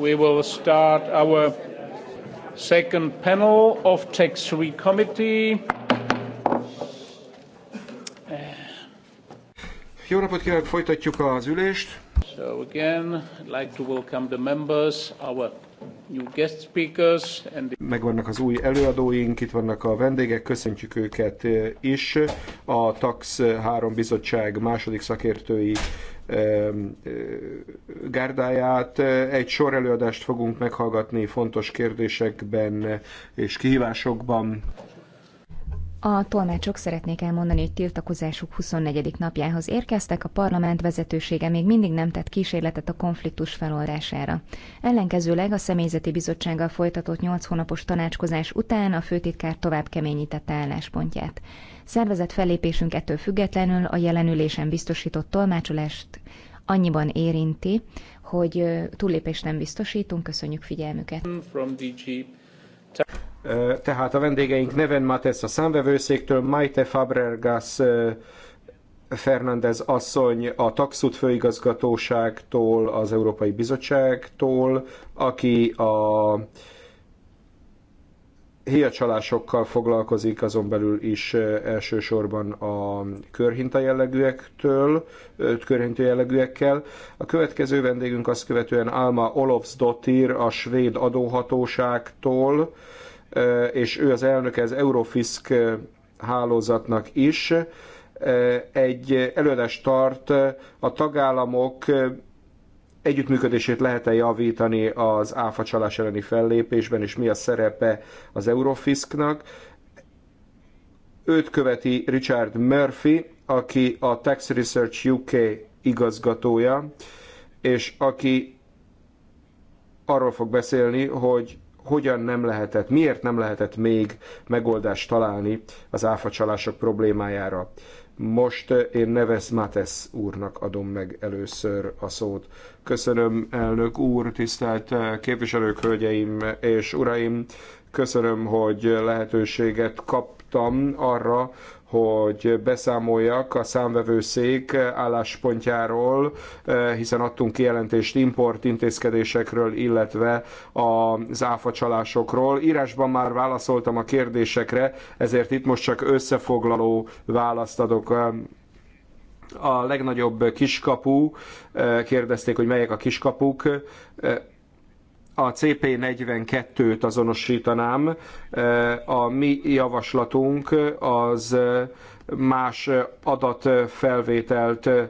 we will start our second panel of Tax 3 Committee. Jó napot kívánok, folytatjuk az ülést. So again, I'd like to welcome the members, our new guest speakers. And the... Megvannak az új előadóink, itt vannak a vendégek, köszöntjük őket is. A TAX 3 bizottság második szakértői gárdáját. Egy sor előadást fogunk meghallgatni fontos kérdésekben és kihívásokban. A tolmácsok szeretnék elmondani, hogy tiltakozásuk 24. napjához érkeztek, a parlament vezetősége még mindig nem tett kísérletet a konfliktus feloldására. Ellenkezőleg a személyzeti bizottsággal folytatott 8 hónapos tanácskozás után a főtitkár tovább keményítette álláspontját. Szervezett fellépésünk ettől függetlenül a jelenülésen biztosított tolmácsolást annyiban érinti, hogy túllépést nem biztosítunk. Köszönjük figyelmüket! Tehát a vendégeink Neven Matesz a számvevőszéktől, Maite Fabregas Fernández asszony a Taxut főigazgatóságtól, az Európai Bizottságtól, aki a héjacsalásokkal foglalkozik azon belül is elsősorban a körhinta jellegűektől, körhinta jellegűekkel. A következő vendégünk azt követően Alma Olofsdottir a svéd adóhatóságtól, és ő az elnöke az Eurofisk hálózatnak is. Egy előadást tart a tagállamok együttműködését lehet-e javítani az áfa csalás elleni fellépésben, és mi a szerepe az Eurofisknak. Őt követi Richard Murphy, aki a Tax Research UK igazgatója, és aki arról fog beszélni, hogy hogyan nem lehetett, miért nem lehetett még megoldást találni az áfacsalások problémájára. Most eh, én Neves Mates úrnak adom meg először a szót. Köszönöm, elnök úr, tisztelt eh, képviselők, hölgyeim és uraim. Köszönöm, hogy lehetőséget kaptam arra, hogy beszámoljak a számvevőszék álláspontjáról, eh, hiszen adtunk kijelentést import intézkedésekről, illetve az csalásokról. Írásban már válaszoltam a kérdésekre, ezért itt most csak összefoglaló választ adok a legnagyobb kiskapu, eh, kérdezték, hogy melyek a kiskapuk. Eh, a CP42-t azonosítanám. E, a mi javaslatunk az más adatfelvételt e,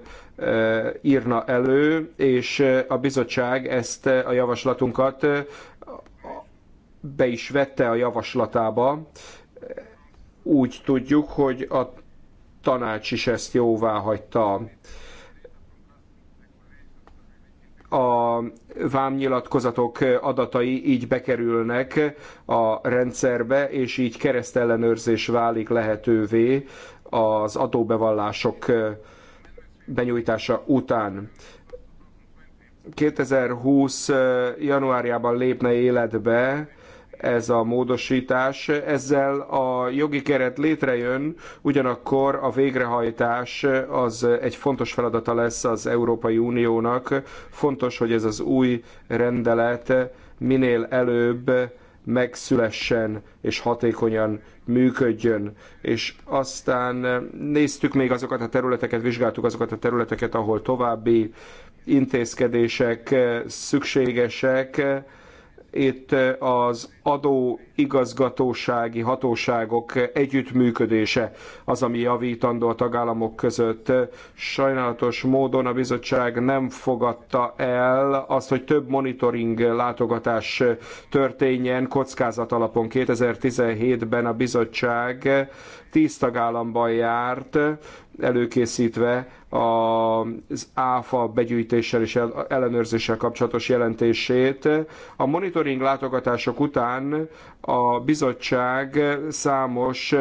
írna elő, és a bizottság ezt a javaslatunkat be is vette a javaslatába. Úgy tudjuk, hogy a tanács is ezt jóvá hagyta a vámnyilatkozatok adatai így bekerülnek a rendszerbe, és így keresztellenőrzés válik lehetővé az adóbevallások benyújtása után. 2020. januárjában lépne életbe ez a módosítás. Ezzel a jogi keret létrejön, ugyanakkor a végrehajtás az egy fontos feladata lesz az Európai Uniónak. Fontos, hogy ez az új rendelet minél előbb megszülessen és hatékonyan működjön. És aztán néztük még azokat a területeket, vizsgáltuk azokat a területeket, ahol további intézkedések szükségesek, itt az adó igazgatósági hatóságok együttműködése az, ami javítandó a tagállamok között. Sajnálatos módon a bizottság nem fogadta el azt, hogy több monitoring látogatás történjen kockázat alapon. 2017-ben a bizottság tíz tagállamban járt, előkészítve az áfa begyűjtéssel és ellenőrzéssel kapcsolatos jelentését. A monitoring látogatások után a bizottság számos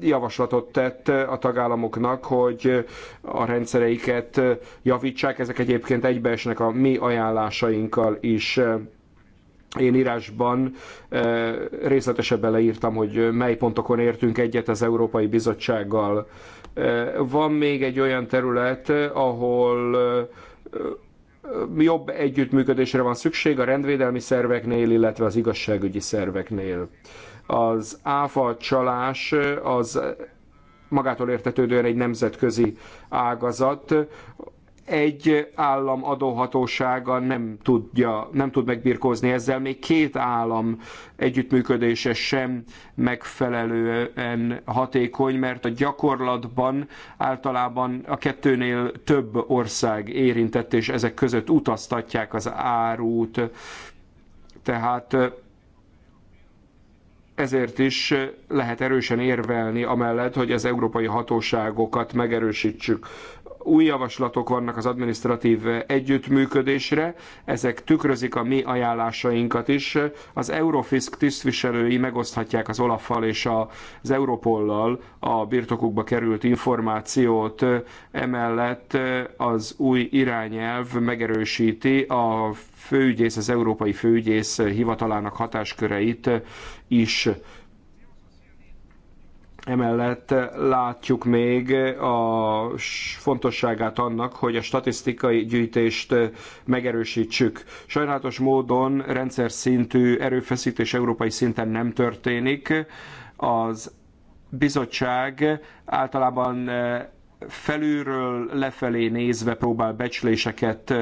javaslatot tett a tagállamoknak, hogy a rendszereiket javítsák. Ezek egyébként egybeesnek a mi ajánlásainkkal is. Én írásban eh, részletesebben leírtam, hogy mely pontokon értünk egyet az Európai Bizottsággal. Eh, van még egy olyan terület, eh, ahol jobb együttműködésre van szükség a rendvédelmi szerveknél, illetve az igazságügyi szerveknél. Az áfa csalás az magától értetődően egy nemzetközi ágazat, egy állam adóhatósága nem tudja, nem tud megbirkózni ezzel, még két állam együttműködése sem megfelelően hatékony, mert a gyakorlatban általában a kettőnél több ország érintett, és ezek között utaztatják az árut. Tehát ezért is lehet erősen érvelni amellett, hogy az európai hatóságokat megerősítsük új javaslatok vannak az adminisztratív együttműködésre, ezek tükrözik a mi ajánlásainkat is. Az Eurofisk tisztviselői megoszthatják az Olaffal és az Europollal a birtokukba került információt. Emellett az új irányelv megerősíti a főügyész, az Európai Főügyész hivatalának hatásköreit is Emellett látjuk még a fontosságát annak, hogy a statisztikai gyűjtést megerősítsük. Sajnálatos módon rendszer szintű erőfeszítés európai szinten nem történik. Az bizottság általában felülről lefelé nézve próbál becsléseket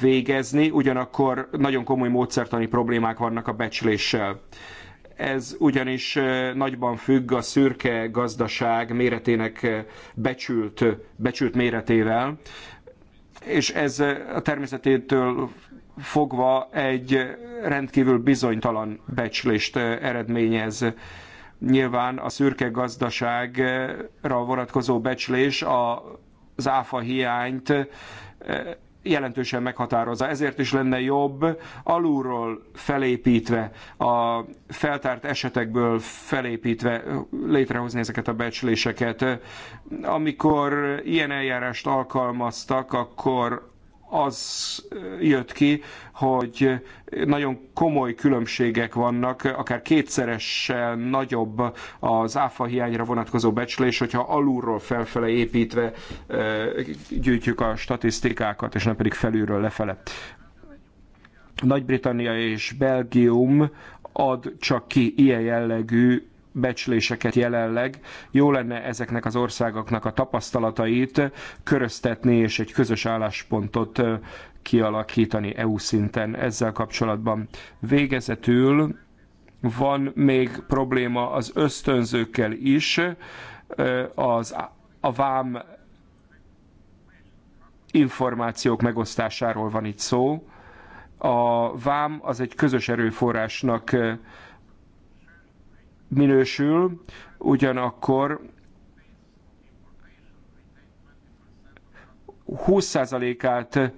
végezni, ugyanakkor nagyon komoly módszertani problémák vannak a becsléssel. Ez ugyanis nagyban függ a szürke gazdaság méretének becsült, becsült méretével, és ez a természetétől fogva egy rendkívül bizonytalan becslést eredményez. Nyilván a szürke gazdaságra vonatkozó becslés az áfa hiányt jelentősen meghatározza. Ezért is lenne jobb alulról felépítve, a feltárt esetekből felépítve létrehozni ezeket a becsléseket. Amikor ilyen eljárást alkalmaztak, akkor az jött ki, hogy nagyon komoly különbségek vannak, akár kétszeresen nagyobb az áfa hiányra vonatkozó becslés, hogyha alulról felfele építve eh, gyűjtjük a statisztikákat, és nem pedig felülről lefele. Nagy-Britannia és Belgium ad csak ki ilyen jellegű becsléseket jelenleg. Jó lenne ezeknek az országoknak a tapasztalatait köröztetni és egy közös álláspontot kialakítani EU szinten ezzel kapcsolatban. Végezetül van még probléma az ösztönzőkkel is, az, a vám információk megosztásáról van itt szó. A vám az egy közös erőforrásnak minősül, ugyanakkor 20%-át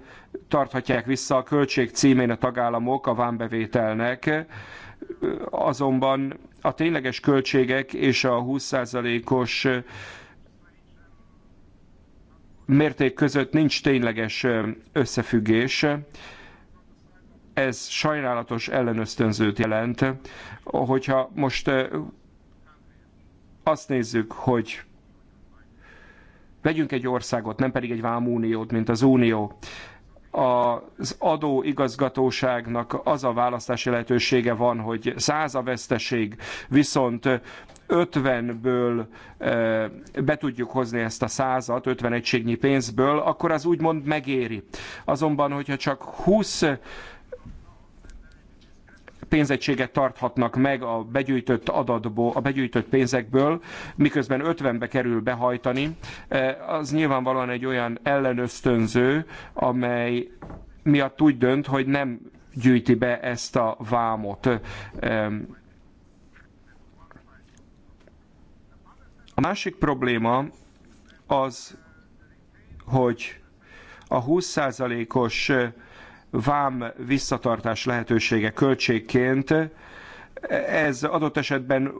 tarthatják vissza a költség címén a tagállamok a vámbevételnek, azonban a tényleges költségek és a 20%-os mérték között nincs tényleges összefüggés. Ez sajnálatos ellenösztönzőt jelent. Hogyha most azt nézzük, hogy vegyünk egy országot, nem pedig egy vámuniót, mint az Unió, az adóigazgatóságnak az a választási lehetősége van, hogy 100 a veszteség, viszont 50-ből be tudjuk hozni ezt a százat, 50 egységnyi pénzből, akkor az úgymond megéri. Azonban, hogyha csak 20 pénzegységet tarthatnak meg a begyűjtött adatból, a begyűjtött pénzekből, miközben 50-be kerül behajtani, e, az nyilvánvalóan egy olyan ellenösztönző, amely miatt úgy dönt, hogy nem gyűjti be ezt a vámot. E, a másik probléma az, hogy a 20%-os vám visszatartás lehetősége költségként, ez adott esetben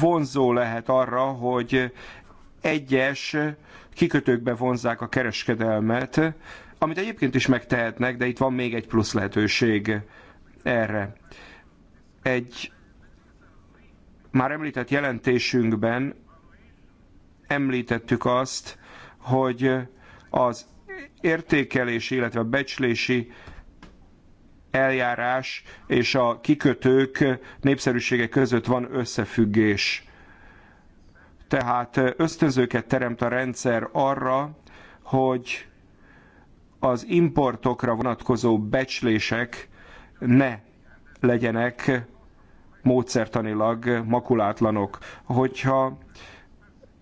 vonzó lehet arra, hogy egyes kikötőkbe vonzák a kereskedelmet, amit egyébként is megtehetnek, de itt van még egy plusz lehetőség erre. Egy már említett jelentésünkben említettük azt, hogy az értékelési, illetve a becslési eljárás és a kikötők népszerűsége között van összefüggés. Tehát ösztönzőket teremt a rendszer arra, hogy az importokra vonatkozó becslések ne legyenek módszertanilag makulátlanok. Hogyha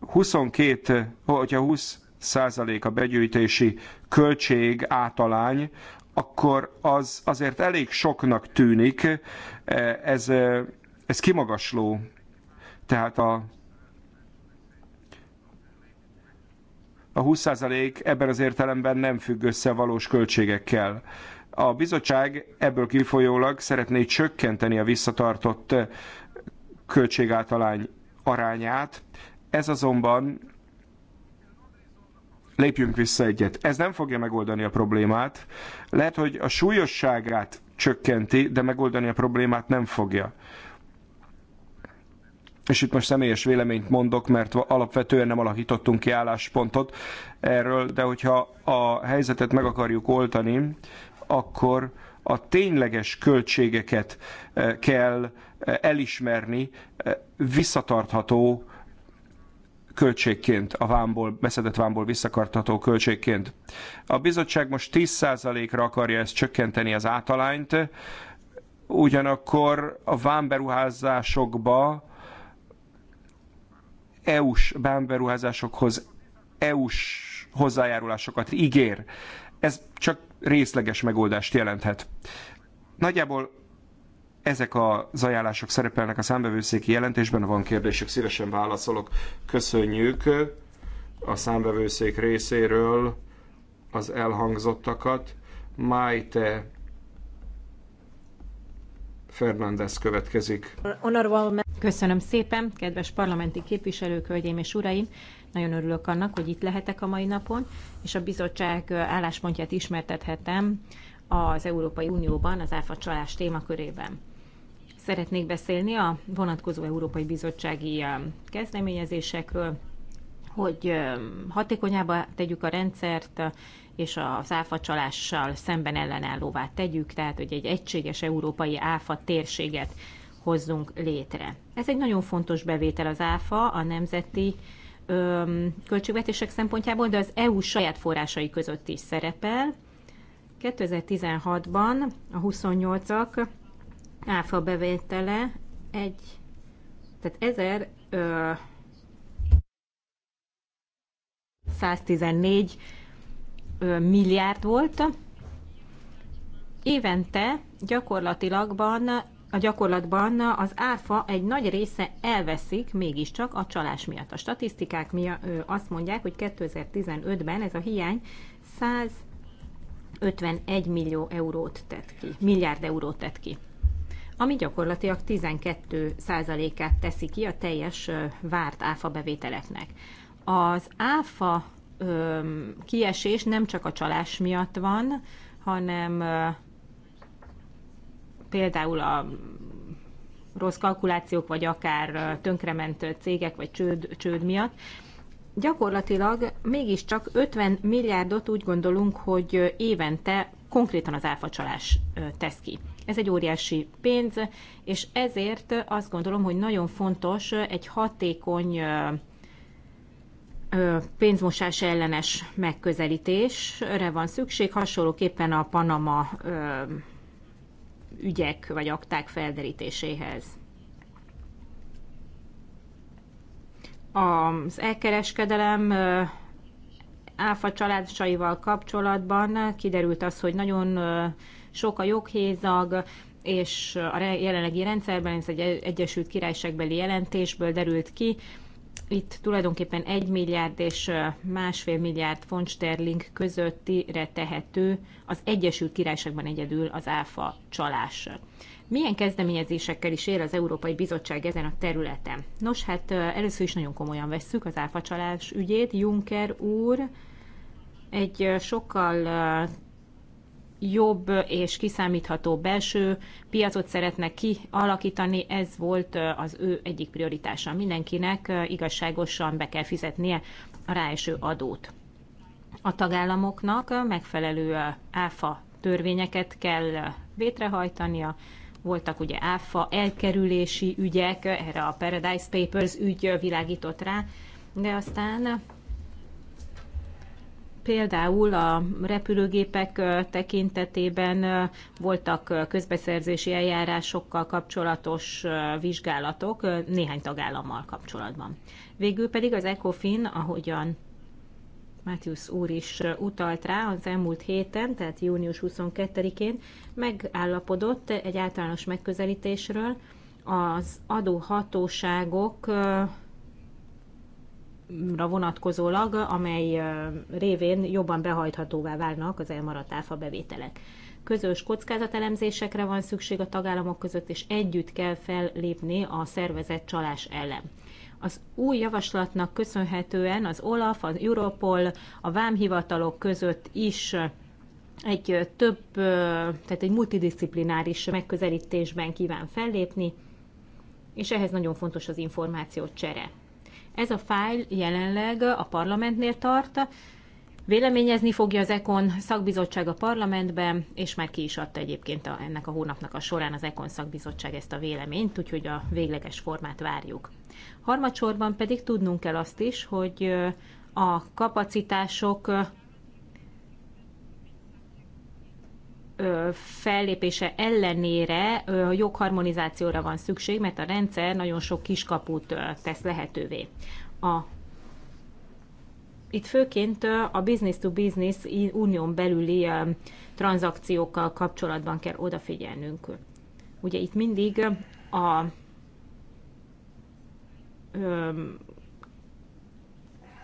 22, hogyha 20 százalék a begyűjtési költség átalány, akkor az azért elég soknak tűnik, e, ez, e, ez kimagasló. Tehát a, a 20% ebben az értelemben nem függ össze a valós költségekkel. A bizottság ebből kifolyólag szeretné csökkenteni a visszatartott költségátalány arányát, ez azonban lépjünk vissza egyet. Ez nem fogja megoldani a problémát. Lehet, hogy a súlyosságát csökkenti, de megoldani a problémát nem fogja. És itt most személyes véleményt mondok, mert alapvetően nem alakítottunk ki álláspontot erről, de hogyha a helyzetet meg akarjuk oltani, akkor a tényleges költségeket eh, kell eh, elismerni eh, visszatartható költségként, a vámból, beszedett vámból visszakartató költségként. A bizottság most 10%-ra akarja ezt csökkenteni az átalányt, ugyanakkor a vámberuházásokba EU-s vámberuházásokhoz EU-s hozzájárulásokat ígér. Ez csak részleges megoldást jelenthet. Nagyjából ezek az ajánlások szerepelnek a számbevőszéki jelentésben, van kérdésük, szívesen válaszolok. Köszönjük a számbevőszék részéről az elhangzottakat. Májte Fernández következik. Köszönöm szépen, kedves parlamenti képviselők, hölgyeim és uraim! Nagyon örülök annak, hogy itt lehetek a mai napon, és a bizottság álláspontját ismertethetem az Európai Unióban az áfa csalás témakörében. Szeretnék beszélni a vonatkozó Európai Bizottsági kezdeményezésekről, hogy hatékonyabbá tegyük a rendszert, és az csalással szemben ellenállóvá tegyük, tehát hogy egy egységes európai áfa térséget hozzunk létre. Ez egy nagyon fontos bevétel az áfa a nemzeti öm, költségvetések szempontjából, de az EU saját forrásai között is szerepel. 2016-ban a 28-ak áfa bevétele egy, tehát 1000 ö, 114 ö, milliárd volt. Évente gyakorlatilagban a gyakorlatban az áfa egy nagy része elveszik mégiscsak a csalás miatt. A statisztikák miatt azt mondják, hogy 2015-ben ez a hiány 151 millió eurót tett ki, milliárd eurót tett ki ami gyakorlatilag 12%-át teszi ki a teljes várt áfa bevételeknek. Az áfa kiesés nem csak a csalás miatt van, hanem például a rossz kalkulációk, vagy akár tönkrement cégek, vagy csőd, csőd miatt. Gyakorlatilag mégiscsak 50 milliárdot úgy gondolunk, hogy évente konkrétan az áfacsalás tesz ki. Ez egy óriási pénz, és ezért azt gondolom, hogy nagyon fontos egy hatékony pénzmosás ellenes megközelítésre van szükség, hasonlóképpen a Panama ügyek vagy akták felderítéséhez. Az elkereskedelem áfa családsaival kapcsolatban kiderült az, hogy nagyon sok a joghézag, és a jelenlegi rendszerben, ez egy e- Egyesült Királyságbeli jelentésből derült ki, itt tulajdonképpen 1 milliárd és másfél milliárd font sterling közöttire tehető az Egyesült Királyságban egyedül az áfa csalás. Milyen kezdeményezésekkel is él az Európai Bizottság ezen a területen? Nos, hát először is nagyon komolyan vesszük az áfa csalás ügyét. Juncker úr egy sokkal jobb és kiszámítható belső piacot szeretnek kialakítani, ez volt az ő egyik prioritása. Mindenkinek igazságosan be kell fizetnie a ráeső adót. A tagállamoknak megfelelő áfa törvényeket kell vétrehajtania, voltak ugye áfa elkerülési ügyek, erre a Paradise Papers ügy világított rá, de aztán Például a repülőgépek tekintetében voltak közbeszerzési eljárásokkal kapcsolatos vizsgálatok néhány tagállammal kapcsolatban. Végül pedig az ECOFIN, ahogyan Matthius úr is utalt rá az elmúlt héten, tehát június 22-én megállapodott egy általános megközelítésről az adóhatóságok vonatkozólag, amely révén jobban behajthatóvá válnak az elmaradt áfa bevételek. Közös kockázatelemzésekre van szükség a tagállamok között, és együtt kell fellépni a szervezett csalás ellen. Az új javaslatnak köszönhetően az OLAF, az Europol, a vámhivatalok között is egy több, tehát egy multidisziplináris megközelítésben kíván fellépni, és ehhez nagyon fontos az információ csere. Ez a fájl jelenleg a parlamentnél tart, Véleményezni fogja az EKON szakbizottság a parlamentben, és már ki is adta egyébként a, ennek a hónapnak a során az EKON szakbizottság ezt a véleményt, úgyhogy a végleges formát várjuk. Harmadsorban pedig tudnunk kell azt is, hogy a kapacitások fellépése ellenére a jogharmonizációra van szükség, mert a rendszer nagyon sok kiskaput tesz lehetővé. A itt főként a business-to-business business unión belüli tranzakciókkal kapcsolatban kell odafigyelnünk. Ugye itt mindig a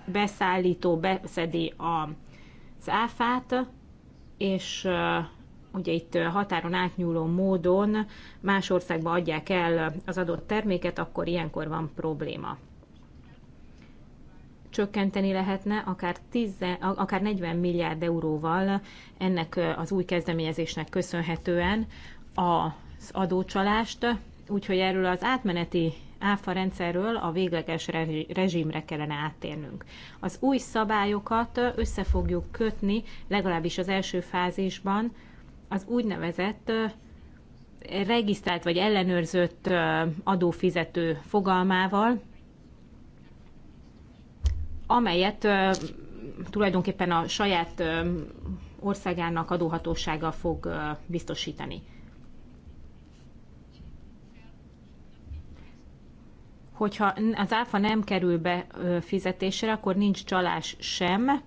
beszállító beszedi az áfát, és ugye itt határon átnyúló módon más országba adják el az adott terméket, akkor ilyenkor van probléma. Csökkenteni lehetne akár, 10, akár 40 milliárd euróval ennek az új kezdeményezésnek köszönhetően az adócsalást, úgyhogy erről az átmeneti áfa rendszerről a végleges rezsimre kellene áttérnünk. Az új szabályokat össze fogjuk kötni, legalábbis az első fázisban, az úgynevezett regisztrált vagy ellenőrzött adófizető fogalmával, amelyet tulajdonképpen a saját országának adóhatósága fog biztosítani. Hogyha az áfa nem kerül be fizetésre, akkor nincs csalás sem,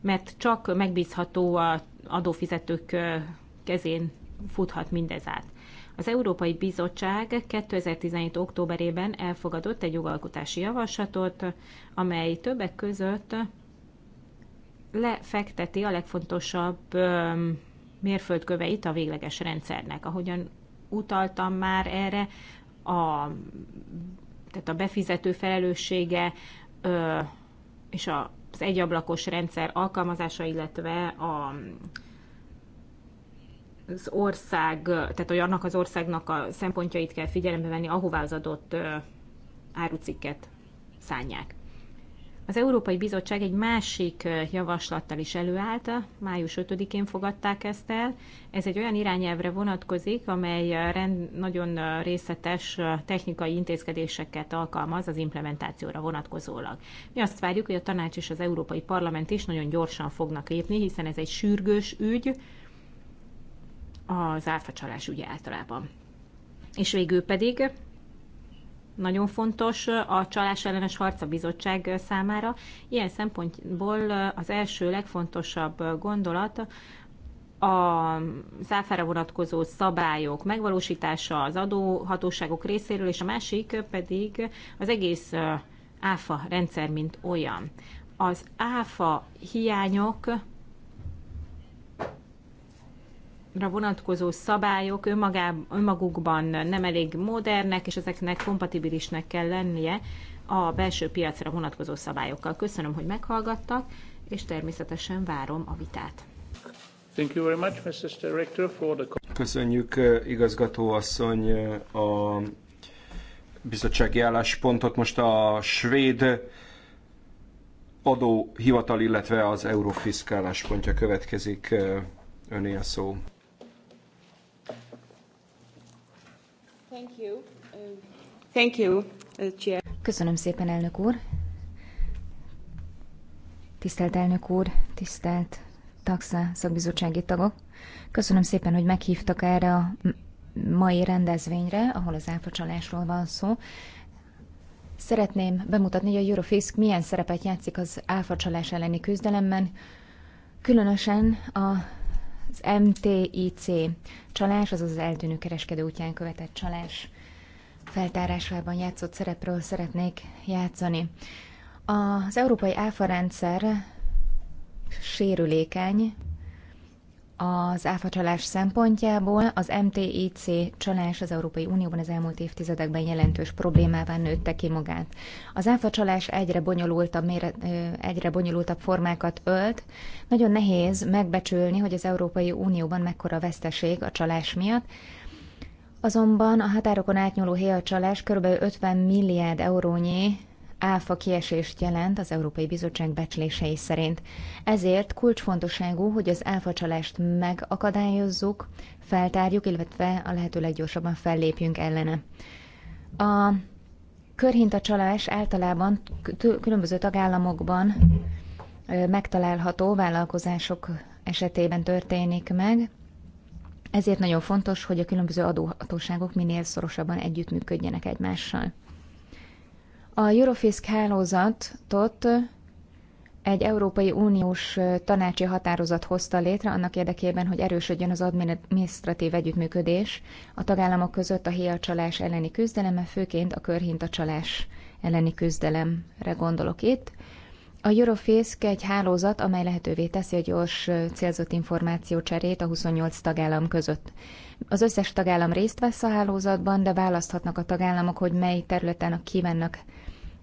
mert csak megbízható a adófizetők kezén futhat mindez át. Az Európai Bizottság 2017. októberében elfogadott egy jogalkotási javaslatot, amely többek között lefekteti a legfontosabb mérföldköveit a végleges rendszernek. Ahogyan utaltam már erre, a, tehát a befizető felelőssége ö, és a az egyablakos rendszer alkalmazása, illetve a, az ország, tehát hogy annak az országnak a szempontjait kell figyelembe venni, ahová az adott árucikket szánják. Az Európai Bizottság egy másik javaslattal is előállt, május 5-én fogadták ezt el. Ez egy olyan irányelvre vonatkozik, amely rend, nagyon részletes technikai intézkedéseket alkalmaz az implementációra vonatkozólag. Mi azt várjuk, hogy a tanács és az Európai Parlament is nagyon gyorsan fognak lépni, hiszen ez egy sürgős ügy, az áfacsalás ügye általában. És végül pedig nagyon fontos a Csalás ellenes harca bizottság számára. Ilyen szempontból az első legfontosabb gondolat a száfára vonatkozó szabályok megvalósítása az adóhatóságok részéről, és a másik pedig az egész áfa rendszer, mint olyan. Az áfa hiányok vonatkozó szabályok önmagában, önmagukban nem elég modernek, és ezeknek kompatibilisnek kell lennie a belső piacra vonatkozó szabályokkal. Köszönöm, hogy meghallgattak, és természetesen várom a vitát. Thank you very much, Mrs. Director, for the... Köszönjük, eh, igazgatóasszony, eh, a bizottsági álláspontot. Most a svéd adóhivatal, illetve az Eurofisk pontja következik. Eh, öné a szó. Thank you. Uh, uh, Chair. Köszönöm szépen, elnök úr. Tisztelt elnök úr, tisztelt taxa szakbizottsági tagok. Köszönöm szépen, hogy meghívtak erre a mai rendezvényre, ahol az áfacsalásról van szó. Szeretném bemutatni, hogy a Eurofisk milyen szerepet játszik az áfacsalás elleni küzdelemben, különösen a az MTIC csalás, azaz az eltűnő kereskedő útján követett csalás feltárásában játszott szerepről szeretnék játszani. Az európai áfa rendszer sérülékeny, az áfacsalás szempontjából az MTIC csalás az Európai Unióban az elmúlt évtizedekben jelentős problémává nőtte ki magát. Az áfacsalás egyre bonyolultabb, mére, egyre bonyolultabb formákat ölt. Nagyon nehéz megbecsülni, hogy az Európai Unióban mekkora veszteség a csalás miatt. Azonban a határokon átnyúló héjacsalás kb. 50 milliárd eurónyi áfa kiesést jelent az Európai Bizottság becslései szerint. Ezért kulcsfontosságú, hogy az áfa csalást megakadályozzuk, feltárjuk, illetve a lehető leggyorsabban fellépjünk ellene. A körhintacsalás általában különböző tagállamokban megtalálható vállalkozások esetében történik meg, ezért nagyon fontos, hogy a különböző adóhatóságok minél szorosabban együttműködjenek egymással. A Eurofisk hálózatot egy Európai Uniós tanácsi határozat hozta létre annak érdekében, hogy erősödjön az adminisztratív együttműködés a tagállamok között a héjacsalás elleni küzdelemmel, főként a körhintacsalás elleni küzdelemre gondolok itt. A Eurofisk egy hálózat, amely lehetővé teszi a gyors célzott információ cserét a 28 tagállam között. Az összes tagállam részt vesz a hálózatban, de választhatnak a tagállamok, hogy mely területen kívánnak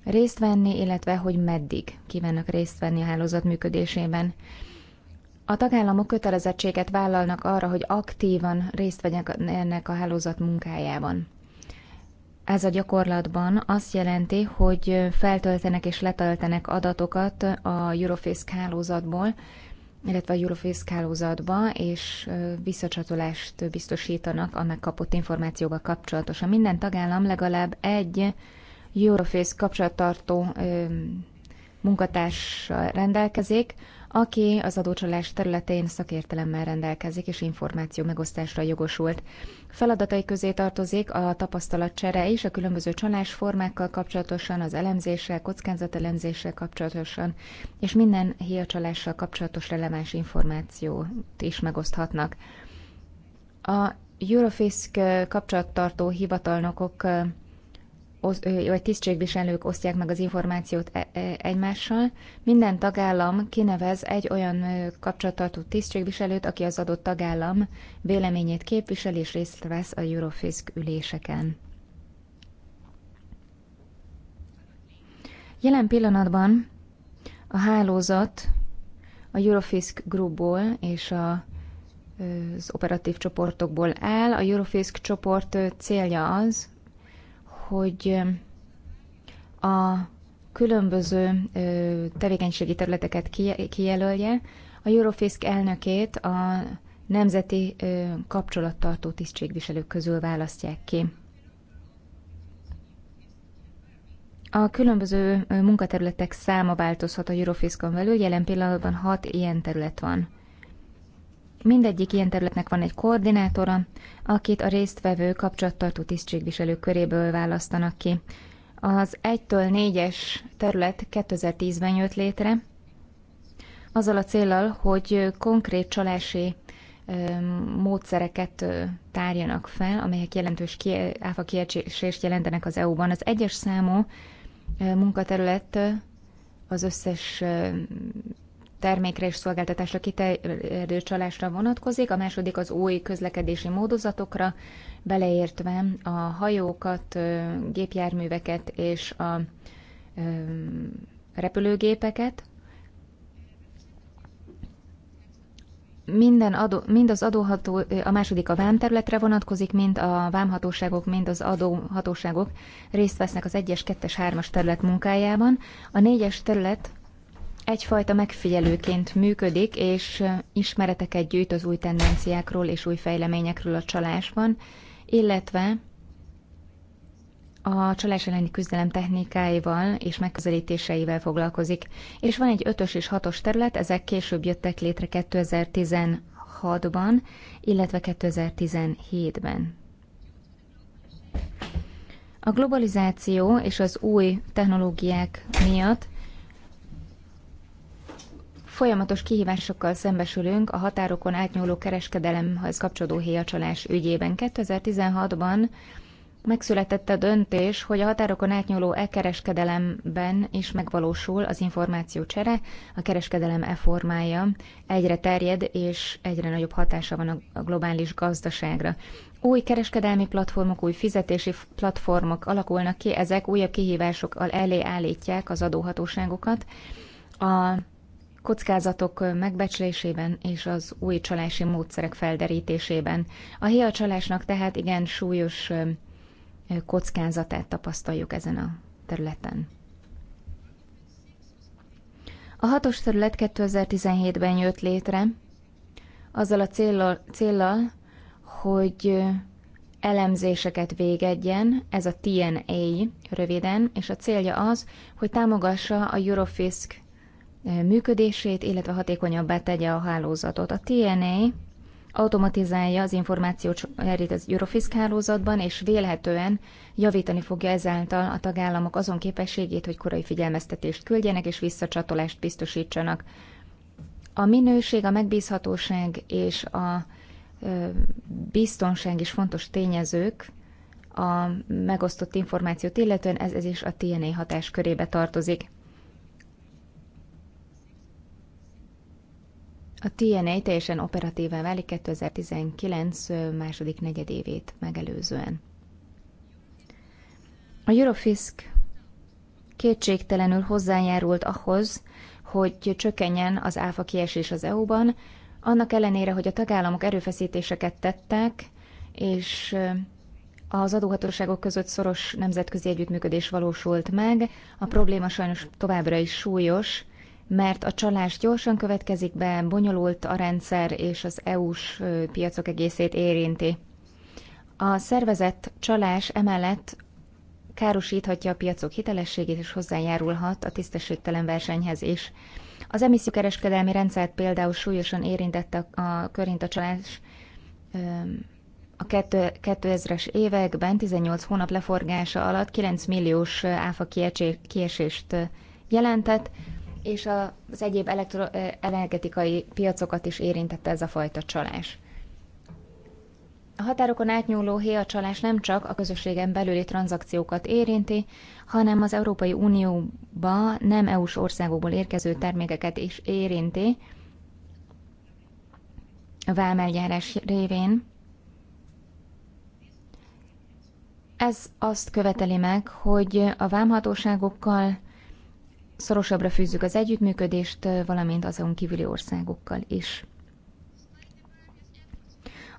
részt venni, illetve hogy meddig kívánnak részt venni a hálózat működésében. A tagállamok kötelezettséget vállalnak arra, hogy aktívan részt vegyenek ennek a hálózat munkájában. Ez a gyakorlatban azt jelenti, hogy feltöltenek és letöltenek adatokat a Eurofisk hálózatból, illetve a Eurofisk hálózatba, és visszacsatolást biztosítanak a megkapott információval kapcsolatosan. Minden tagállam legalább egy Euroface kapcsolattartó munkatársa rendelkezik, aki az adócsalás területén szakértelemmel rendelkezik és információ megosztásra jogosult. Feladatai közé tartozik a tapasztalatcsere és a különböző csalásformákkal kapcsolatosan, az elemzéssel, kockázatelemzéssel kapcsolatosan, és minden hiacsalással kapcsolatos releváns információt is megoszthatnak. A Eurofisk kapcsolattartó hivatalnokok vagy tisztségviselők osztják meg az információt e- e- egymással. Minden tagállam kinevez egy olyan kapcsolatartó tisztségviselőt, aki az adott tagállam véleményét képvisel és részt vesz a Eurofisk üléseken. Jelen pillanatban a hálózat a Eurofisk Groupból és a az operatív csoportokból áll. A Eurofisk csoport célja az, hogy a különböző tevékenységi területeket kijelölje, a Eurofisk elnökét a nemzeti kapcsolattartó tisztségviselők közül választják ki. A különböző munkaterületek száma változhat a Eurofiskon belül, jelen pillanatban hat ilyen terület van. Mindegyik ilyen területnek van egy koordinátora, akit a résztvevő kapcsolattartó tisztségviselők köréből választanak ki. Az 1-től 4-es terület 2010-ben jött létre, azzal a célral, hogy konkrét csalási módszereket tárjanak fel, amelyek jelentős áfa kiesést jelentenek az EU-ban. Az egyes számú munkaterület az összes termékre és szolgáltatásra kiterjedő csalásra vonatkozik, a második az új közlekedési módozatokra, beleértve a hajókat, gépjárműveket és a repülőgépeket. Minden adó, mind az adóható, a második a vámterületre vonatkozik, mind a vámhatóságok, mind az adóhatóságok részt vesznek az 1-es, 2-es, 3-as terület munkájában. A 4-es terület egyfajta megfigyelőként működik, és ismereteket gyűjt az új tendenciákról és új fejleményekről a csalásban, illetve a csalás elleni küzdelem technikáival és megközelítéseivel foglalkozik. És van egy ötös és hatos terület, ezek később jöttek létre 2016-ban, illetve 2017-ben. A globalizáció és az új technológiák miatt Folyamatos kihívásokkal szembesülünk a határokon átnyúló kereskedelemhez kapcsolódó héjacsalás ügyében. 2016-ban megszületett a döntés, hogy a határokon átnyúló e-kereskedelemben is megvalósul az információ csere, a kereskedelem e-formája egyre terjed, és egyre nagyobb hatása van a globális gazdaságra. Új kereskedelmi platformok, új fizetési platformok alakulnak ki, ezek újabb kihívásokkal elé állítják az adóhatóságokat. A kockázatok megbecslésében és az új csalási módszerek felderítésében. A héja csalásnak tehát igen súlyos kockázatát tapasztaljuk ezen a területen. A hatos terület 2017-ben jött létre, azzal a célral, hogy elemzéseket végedjen, ez a TNA röviden, és a célja az, hogy támogassa a Eurofisk működését, illetve hatékonyabbá tegye a hálózatot. A TNA automatizálja az információt erít az Eurofisk hálózatban, és vélhetően javítani fogja ezáltal a tagállamok azon képességét, hogy korai figyelmeztetést küldjenek és visszacsatolást biztosítsanak. A minőség, a megbízhatóság és a biztonság is fontos tényezők a megosztott információt illetően, ez, ez is a TNA hatás körébe tartozik. A TNA teljesen operatíven válik 2019 második negyedévét megelőzően. A Eurofisk kétségtelenül hozzájárult ahhoz, hogy csökkenjen az áfa kiesés az EU-ban, annak ellenére, hogy a tagállamok erőfeszítéseket tettek, és az adóhatóságok között szoros nemzetközi együttműködés valósult meg, a probléma sajnos továbbra is súlyos, mert a csalás gyorsan következik be, bonyolult a rendszer és az EU-s piacok egészét érinti. A szervezett csalás emellett károsíthatja a piacok hitelességét és hozzájárulhat a tisztességtelen versenyhez is. Az emissziókereskedelmi rendszert például súlyosan érintette a körint a csalás a 2000-es években 18 hónap leforgása alatt 9 milliós áfa kiesést jelentett, és az egyéb elektro- energetikai piacokat is érintette ez a fajta csalás. A határokon átnyúló csalás nem csak a közösségen belüli tranzakciókat érinti, hanem az Európai Unióba nem EU-s országokból érkező termékeket is érinti, a vámeljárás révén. Ez azt követeli meg, hogy a vámhatóságokkal szorosabbra fűzzük az együttműködést, valamint az EU-n kívüli országokkal is.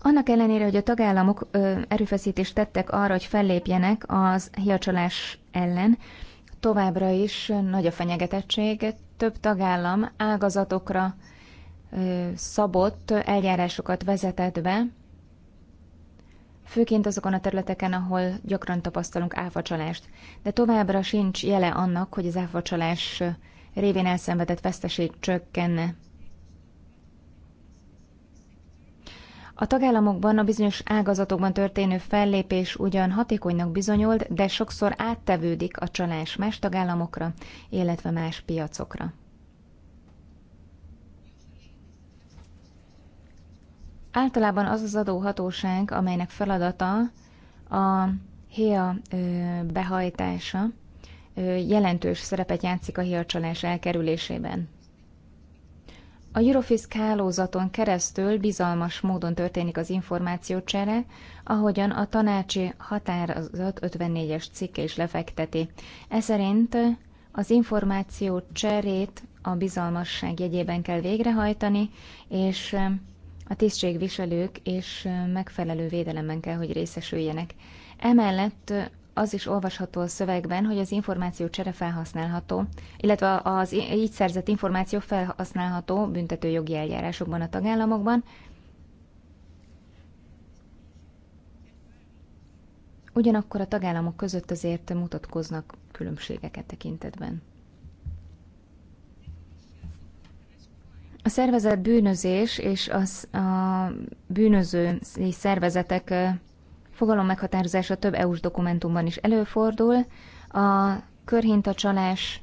Annak ellenére, hogy a tagállamok erőfeszítést tettek arra, hogy fellépjenek az hiacsolás ellen, továbbra is nagy a fenyegetettség. Több tagállam ágazatokra szabott eljárásokat vezetett be, főként azokon a területeken, ahol gyakran tapasztalunk áfacsalást. De továbbra sincs jele annak, hogy az áfacsalás révén elszenvedett veszteség csökkenne. A tagállamokban a bizonyos ágazatokban történő fellépés ugyan hatékonynak bizonyult, de sokszor áttevődik a csalás más tagállamokra, illetve más piacokra. Általában az az adóhatóság, amelynek feladata a héja behajtása, jelentős szerepet játszik a hiacsalás elkerülésében. A Eurofisk hálózaton keresztül bizalmas módon történik az információcsere, ahogyan a tanácsi határozat 54-es cikke is lefekteti. Ez szerint az információ cserét a bizalmasság jegyében kell végrehajtani, és a tisztségviselők és megfelelő védelemben kell, hogy részesüljenek. Emellett az is olvasható a szövegben, hogy az információ csere felhasználható, illetve az így szerzett információ felhasználható büntető jogi eljárásokban a tagállamokban. Ugyanakkor a tagállamok között azért mutatkoznak különbségeket tekintetben. A szervezet bűnözés és az, a bűnöző szervezetek fogalom meghatározása több EU-s dokumentumban is előfordul. A körhintacsalás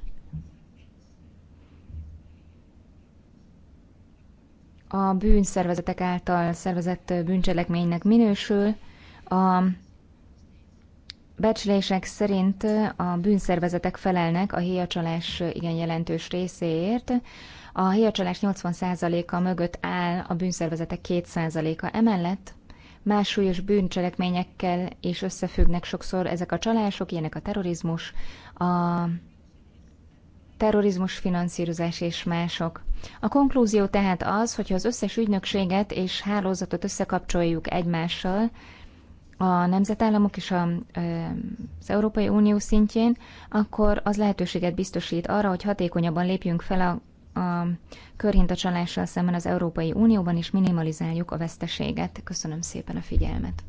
a bűnszervezetek által szervezett bűncselekménynek minősül. A becslések szerint a bűnszervezetek felelnek a héjacsalás igen jelentős részéért. A héjacsalás 80%-a mögött áll a bűnszervezetek 2%-a. Emellett más súlyos bűncselekményekkel és összefüggnek sokszor ezek a csalások, ilyenek a terrorizmus, a terrorizmus finanszírozás és mások. A konklúzió tehát az, hogyha az összes ügynökséget és hálózatot összekapcsoljuk egymással, a nemzetállamok és a, az Európai Unió szintjén, akkor az lehetőséget biztosít arra, hogy hatékonyabban lépjünk fel a a körhintacsalással szemben az Európai Unióban, is minimalizáljuk a veszteséget. Köszönöm szépen a figyelmet.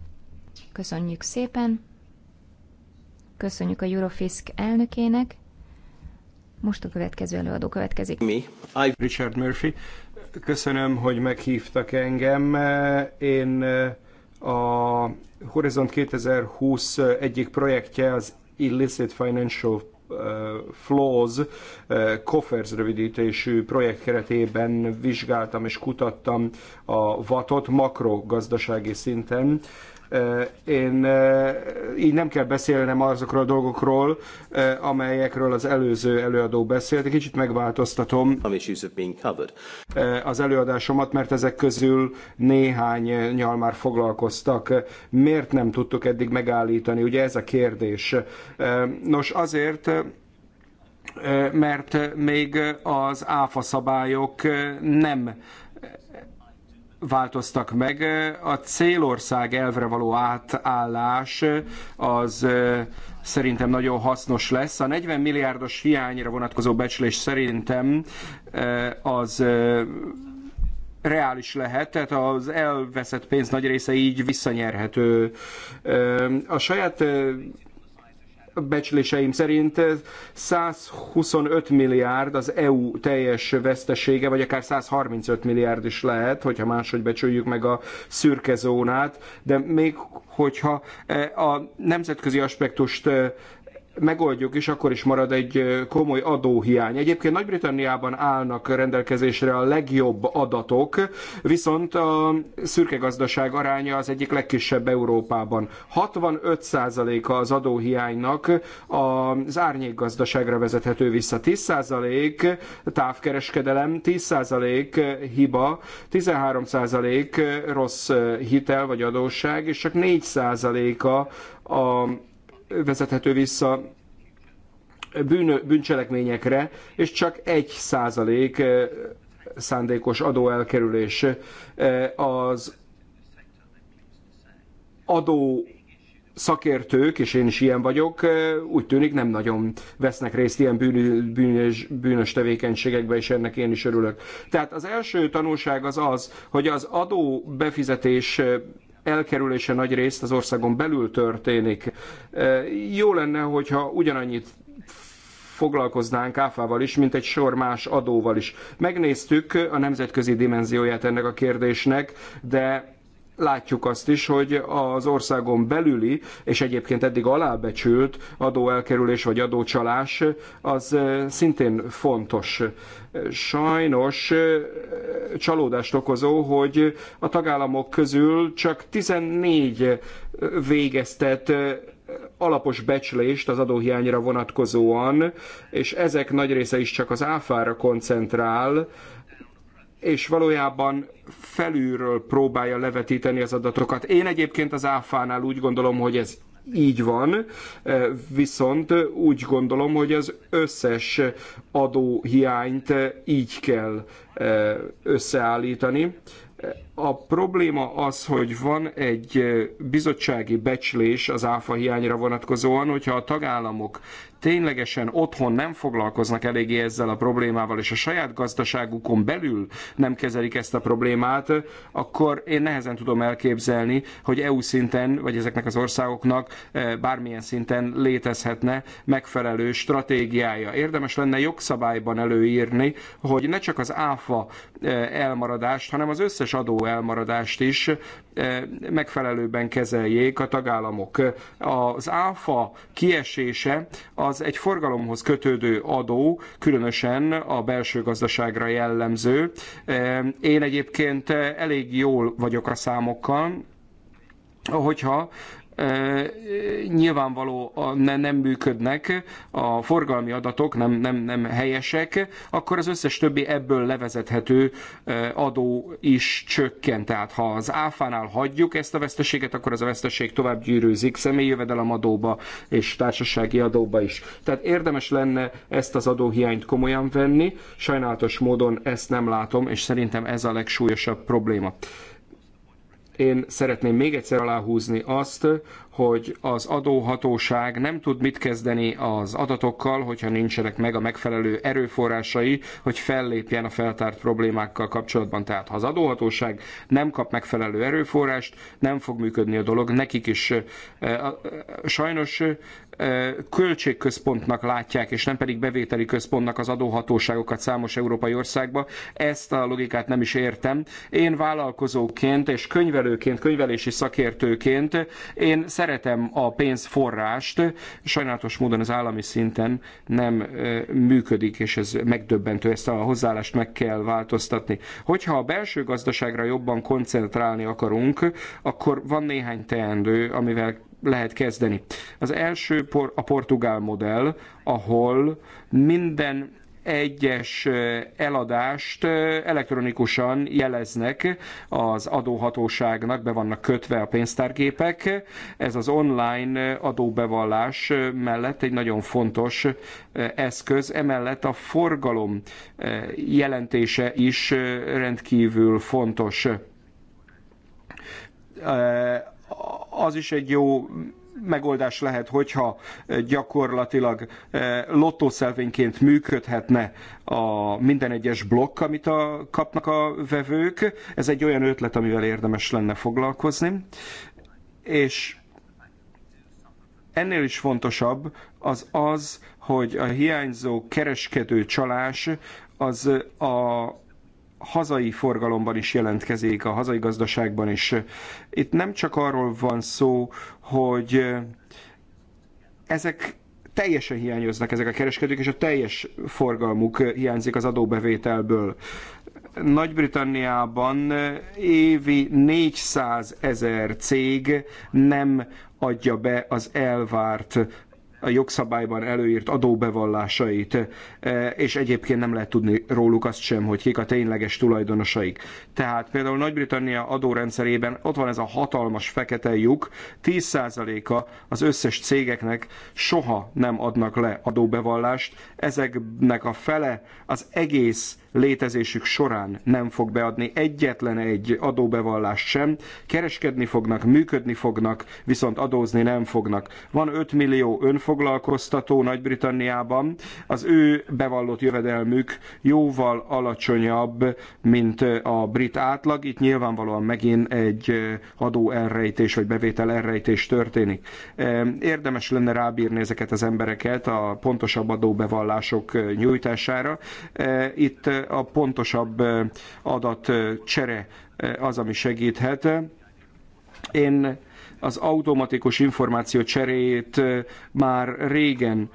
Köszönjük szépen. Köszönjük a Eurofisk elnökének. Most a következő előadó következik. Mi? I... Richard Murphy. Köszönöm, hogy meghívtak engem. Én a Horizont 2020 egyik projektje az Illicit Financial Flaws COFERS eh, rövidítésű projekt keretében vizsgáltam és kutattam a vatot makrogazdasági szinten. Én így nem kell beszélnem azokról a dolgokról, amelyekről az előző előadó beszélt. kicsit megváltoztatom az előadásomat, mert ezek közül néhány nyal már foglalkoztak. Miért nem tudtuk eddig megállítani? Ugye ez a kérdés. Nos, azért, mert még az áfa szabályok nem változtak meg. A célország elvre való átállás az szerintem nagyon hasznos lesz. A 40 milliárdos hiányra vonatkozó becslés szerintem az reális lehet, tehát az elveszett pénz nagy része így visszanyerhető. A saját becsléseim szerint 125 milliárd az EU teljes vesztesége, vagy akár 135 milliárd is lehet, hogyha máshogy becsüljük meg a szürke zónát, de még hogyha eh, a nemzetközi aspektust eh, megoldjuk, és akkor is marad egy komoly adóhiány. Egyébként Nagy-Britanniában állnak rendelkezésre a legjobb adatok, viszont a szürke gazdaság aránya az egyik legkisebb Európában. 65%-a az adóhiánynak az árnyékgazdaságra vezethető vissza. 10% távkereskedelem, 10% hiba, 13% rossz hitel vagy adósság, és csak 4%-a a vezethető vissza bűn, bűncselekményekre, és csak egy százalék eh, szándékos adóelkerülés. Eh, az adó szakértők, és én is ilyen vagyok, eh, úgy tűnik nem nagyon vesznek részt ilyen bűnös, bűnös tevékenységekbe, és ennek én is örülök. Tehát az első tanulság az az, hogy az adó befizetés elkerülése nagy részt az országon belül történik. Jó lenne, hogyha ugyanannyit foglalkoznánk áfával is, mint egy sor más adóval is. Megnéztük a nemzetközi dimenzióját ennek a kérdésnek, de látjuk azt is, hogy az országon belüli, és egyébként eddig alábecsült adóelkerülés vagy adócsalás, az szintén fontos. Sajnos csalódást okozó, hogy a tagállamok közül csak 14 végeztet alapos becslést az adóhiányra vonatkozóan, és ezek nagy része is csak az áfára koncentrál, és valójában felülről próbálja levetíteni az adatokat. Én egyébként az áfánál úgy gondolom, hogy ez így van, e, viszont úgy gondolom, hogy az összes adóhiányt így kell e, összeállítani. A probléma az, hogy van egy e, bizottsági becslés az áfa hiányra vonatkozóan, hogyha a tagállamok ténylegesen otthon nem foglalkoznak eléggé ezzel a problémával, és a saját gazdaságukon belül nem kezelik ezt a problémát, akkor én nehezen tudom elképzelni, hogy EU szinten, vagy ezeknek az országoknak eh, bármilyen szinten létezhetne megfelelő stratégiája. Érdemes lenne jogszabályban előírni, hogy ne csak az áfa eh, elmaradást, hanem az összes adó elmaradást is eh, megfelelőben kezeljék a tagállamok. Az áfa kiesése az az egy forgalomhoz kötődő adó, különösen a belső gazdaságra jellemző. Eh, én egyébként elég jól vagyok a számokkal, hogyha Nyilvánvaló, nem működnek, a forgalmi adatok nem, nem, nem helyesek, akkor az összes többi ebből levezethető adó is csökken. Tehát ha az áfánál hagyjuk ezt a veszteséget, akkor ez a veszteség tovább gyűrűzik személyi jövedelemadóba és társasági adóba is. Tehát érdemes lenne ezt az adóhiányt komolyan venni, sajnálatos módon ezt nem látom, és szerintem ez a legsúlyosabb probléma én szeretném még egyszer aláhúzni azt, hogy az adóhatóság nem tud mit kezdeni az adatokkal, hogyha nincsenek meg a megfelelő erőforrásai, hogy fellépjen a feltárt problémákkal kapcsolatban. Tehát ha az adóhatóság nem kap megfelelő erőforrást, nem fog működni a dolog. Nekik is eh, sajnos költségközpontnak látják, és nem pedig bevételi központnak az adóhatóságokat számos európai országba. Ezt a logikát nem is értem. Én vállalkozóként és könyvelőként, könyvelési szakértőként én szeretem a pénzforrást, sajnálatos módon az állami szinten nem működik, és ez megdöbbentő, ezt a hozzáállást meg kell változtatni. Hogyha a belső gazdaságra jobban koncentrálni akarunk, akkor van néhány teendő, amivel lehet kezdeni. Az első a portugál modell, ahol minden egyes eh, eladást eh, elektronikusan jeleznek az adóhatóságnak, be vannak kötve a pénztárgépek. Ez az online eh, adóbevallás mellett egy nagyon fontos eszköz. Emellett a forgalom jelentése is rendkívül fontos az is egy jó megoldás lehet, hogyha eh, gyakorlatilag eh, lottószelvényként működhetne a minden egyes blokk, amit a, kapnak a vevők. Ez egy olyan ötlet, amivel érdemes lenne foglalkozni. És ennél is fontosabb az az, hogy a hiányzó kereskedő csalás az a hazai forgalomban is jelentkezik, a hazai gazdaságban is. Itt nem csak arról van szó, hogy ezek teljesen hiányoznak ezek a kereskedők, és a teljes forgalmuk hiányzik az adóbevételből. Nagy-Britanniában évi 400 ezer cég nem adja be az elvárt a jogszabályban előírt adóbevallásait, e, és egyébként nem lehet tudni róluk azt sem, hogy kik a tényleges tulajdonosaik. Tehát például Nagy-Britannia adórendszerében ott van ez a hatalmas fekete lyuk, 10%-a az összes cégeknek soha nem adnak le adóbevallást, ezeknek a fele az egész létezésük során nem fog beadni egyetlen egy adóbevallást sem, kereskedni fognak, működni fognak, viszont adózni nem fognak. Van 5 millió önfog foglalkoztató Nagy-Britanniában, az ő bevallott jövedelmük jóval alacsonyabb, mint a brit átlag. Itt nyilvánvalóan megint egy eh, adó elrejtés vagy bevétel elrejtés történik. Eh, érdemes lenne rábírni ezeket az embereket a pontosabb adóbevallások eh, nyújtására. Itt a pontosabb adatcsere az, ami segíthet. Én az automatikus információ cseréjét már régen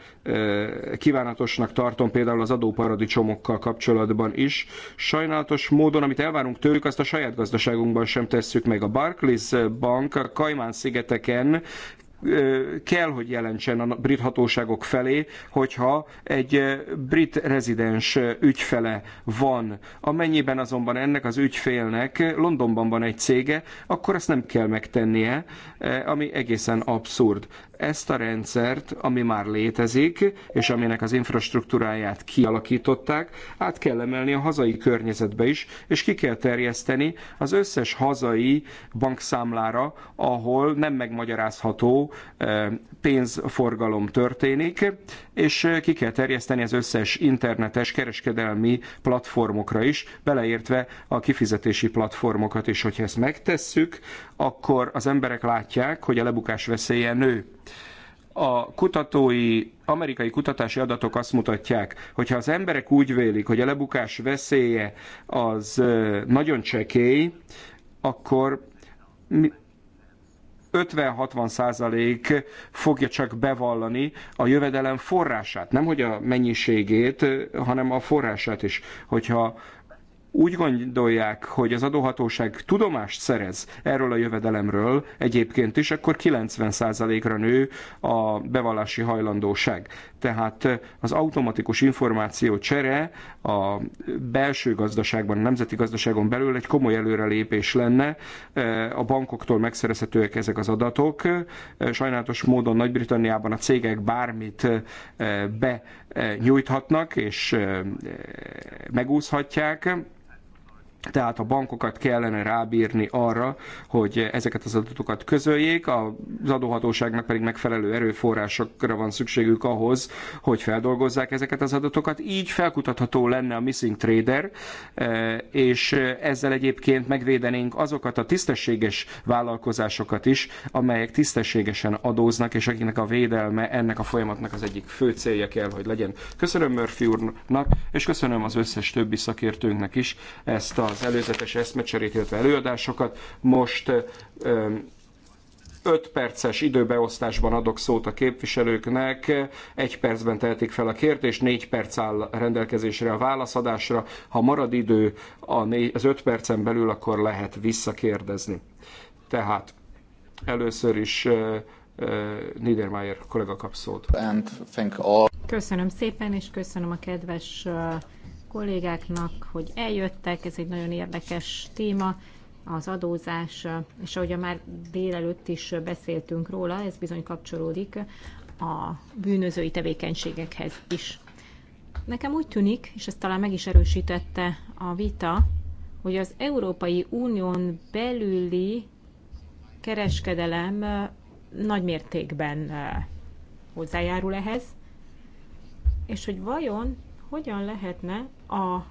kívánatosnak tartom, például az adóparadicsomokkal kapcsolatban is. Sajnálatos módon, amit elvárunk tőlük, azt a saját gazdaságunkban sem tesszük meg. A Barclays Bank a Kajmán szigeteken kell, hogy jelentsen a brit hatóságok felé, hogyha egy brit rezidens ügyfele van. Amennyiben azonban ennek az ügyfélnek Londonban van egy cége, akkor ezt nem kell megtennie, ami egészen abszurd. Ezt a rendszert, ami már létezik, és aminek az infrastruktúráját kialakították, át kell emelni a hazai környezetbe is, és ki kell terjeszteni az összes hazai bankszámlára, ahol nem megmagyarázható pénzforgalom történik, és ki kell terjeszteni az összes internetes kereskedelmi platformokra is, beleértve a kifizetési platformokat is. Hogyha ezt megtesszük, akkor az emberek látják, hogy a lebukás veszélye nő a kutatói, amerikai kutatási adatok azt mutatják, hogy ha az emberek úgy vélik, hogy a lebukás veszélye az nagyon csekély, akkor 50-60 százalék fogja csak bevallani a jövedelem forrását. Nem, hogy a mennyiségét, hanem a forrását is. Hogyha úgy gondolják, hogy az adóhatóság tudomást szerez erről a jövedelemről egyébként is, akkor 90%-ra nő a bevallási hajlandóság. Tehát az automatikus információ csere a belső gazdaságban, a nemzeti gazdaságon belül egy komoly előrelépés lenne. A bankoktól megszerezhetőek ezek az adatok. Sajnálatos módon Nagy-Britanniában a cégek bármit eh, be nyújthatnak és eh, megúszhatják tehát a bankokat kellene rábírni arra, hogy ezeket az adatokat közöljék, az adóhatóságnak pedig megfelelő erőforrásokra van szükségük ahhoz, hogy feldolgozzák ezeket az adatokat. Így felkutatható lenne a Missing Trader, e, és ezzel egyébként megvédenénk azokat a tisztességes vállalkozásokat is, amelyek tisztességesen adóznak, és akiknek a védelme ennek a folyamatnak az egyik fő célja kell, hogy legyen. Köszönöm Murphy úrnak, és köszönöm az összes többi szakértőnknek is ezt a az előzetes eszmecserét, illetve előadásokat. Most 5 perces időbeosztásban adok szót a képviselőknek, egy percben tehetik fel a kérdést, 4 perc áll rendelkezésre a válaszadásra. Ha marad idő az 5 percen belül, akkor lehet visszakérdezni. Tehát először is Niedermayer kollega kap szót. Köszönöm szépen, és köszönöm a kedves kollégáknak, hogy eljöttek. Ez egy nagyon érdekes téma, az adózás, és ahogy már délelőtt is beszéltünk róla, ez bizony kapcsolódik a bűnözői tevékenységekhez is. Nekem úgy tűnik, és ezt talán meg is erősítette a vita, hogy az Európai Unión belüli kereskedelem nagy mértékben hozzájárul ehhez, és hogy vajon hogyan lehetne a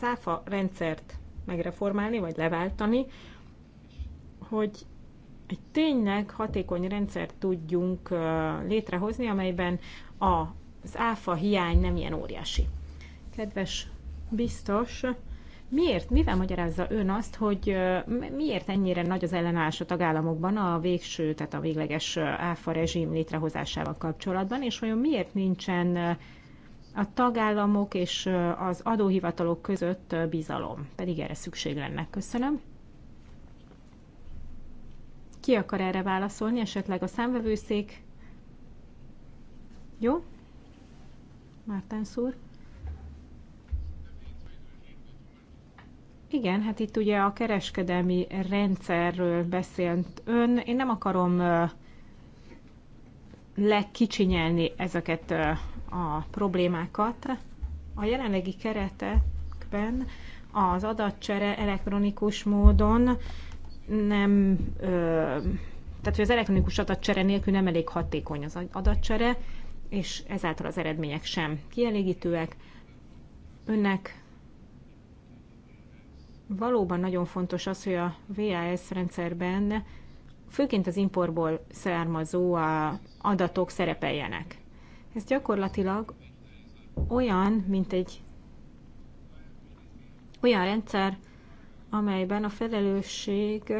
száfa rendszert megreformálni, vagy leváltani, hogy egy tényleg hatékony rendszert tudjunk létrehozni, amelyben az áfa hiány nem ilyen óriási. Kedves biztos, miért, mivel magyarázza ön azt, hogy miért ennyire nagy az ellenállás a tagállamokban a végső, tehát a végleges áfa rezsim létrehozásával kapcsolatban, és vajon miért nincsen a tagállamok és az adóhivatalok között bizalom. Pedig erre szükség lenne. Köszönöm. Ki akar erre válaszolni? Esetleg a számvevőszék? Jó? Márten szúr. Igen, hát itt ugye a kereskedelmi rendszerről beszélt ön. Én nem akarom legkicsinyelni ezeket a problémákat. A jelenlegi keretekben az adatcsere elektronikus módon nem, tehát hogy az elektronikus adatcsere nélkül nem elég hatékony az adatcsere, és ezáltal az eredmények sem kielégítőek. Önnek valóban nagyon fontos az, hogy a VAS rendszerben főként az importból származó adatok szerepeljenek. Ez gyakorlatilag olyan, mint egy olyan rendszer, amelyben a felelősség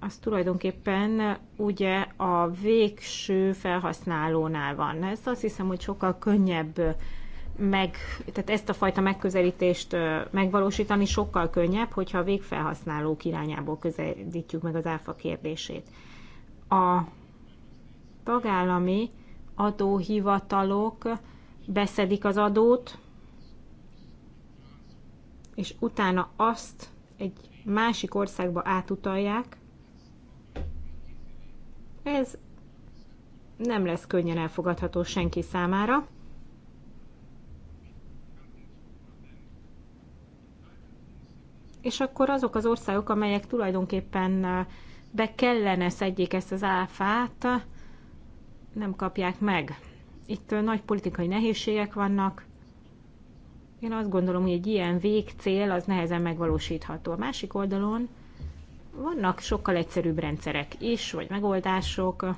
az tulajdonképpen ugye a végső felhasználónál van. Ez azt hiszem, hogy sokkal könnyebb meg, tehát ezt a fajta megközelítést megvalósítani sokkal könnyebb, hogyha a végfelhasználók irányából közelítjük meg az áfa kérdését. A tagállami adóhivatalok beszedik az adót, és utána azt egy másik országba átutalják, ez nem lesz könnyen elfogadható senki számára. És akkor azok az országok, amelyek tulajdonképpen be kellene szedjék ezt az áfát, nem kapják meg. Itt nagy politikai nehézségek vannak. Én azt gondolom, hogy egy ilyen végcél az nehezen megvalósítható. A másik oldalon vannak sokkal egyszerűbb rendszerek is, vagy megoldások.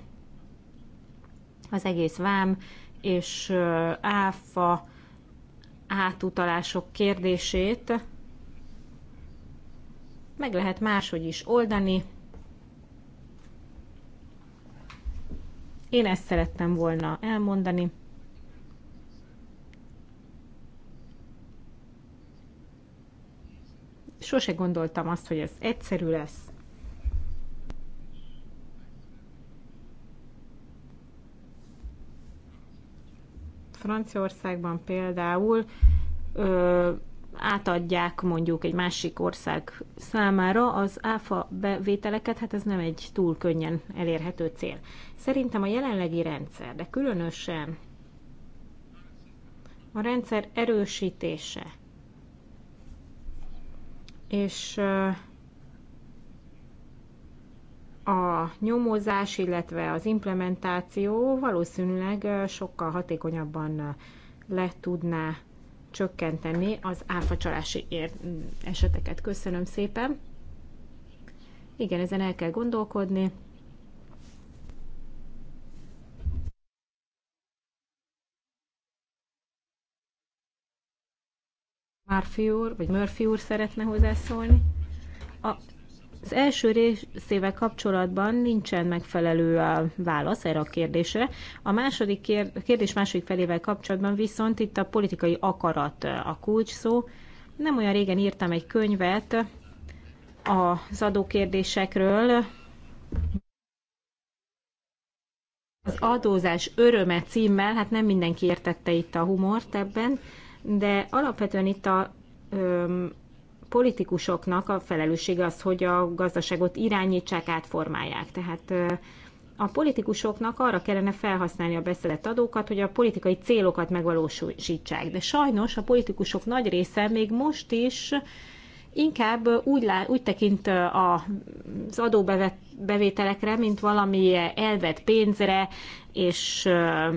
Az egész vám és áfa átutalások kérdését meg lehet máshogy is oldani, Én ezt szerettem volna elmondani. Sose gondoltam azt, hogy ez egyszerű lesz. Franciaországban például ö, átadják mondjuk egy másik ország számára az áfa bevételeket, hát ez nem egy túl könnyen elérhető cél. Szerintem a jelenlegi rendszer, de különösen a rendszer erősítése és a nyomozás, illetve az implementáció valószínűleg sokkal hatékonyabban le tudná csökkenteni az áfacsalási eseteket. Köszönöm szépen! Igen, ezen el kell gondolkodni. Murphy úr, vagy Murphy úr szeretne hozzászólni. A az első részével kapcsolatban nincsen megfelelő a válasz erre a kérdésre. A második kérdés második felével kapcsolatban viszont itt a politikai akarat a kulcs szó. Nem olyan régen írtam egy könyvet az adókérdésekről. Az adózás öröme címmel, hát nem mindenki értette itt a humort ebben, de alapvetően itt a politikusoknak a felelőssége az, hogy a gazdaságot irányítsák, átformálják. Tehát a politikusoknak arra kellene felhasználni a beszedett adókat, hogy a politikai célokat megvalósítsák. De sajnos a politikusok nagy része még most is inkább úgy, lá, úgy tekint az adóbevételekre, mint valami elvet pénzre, és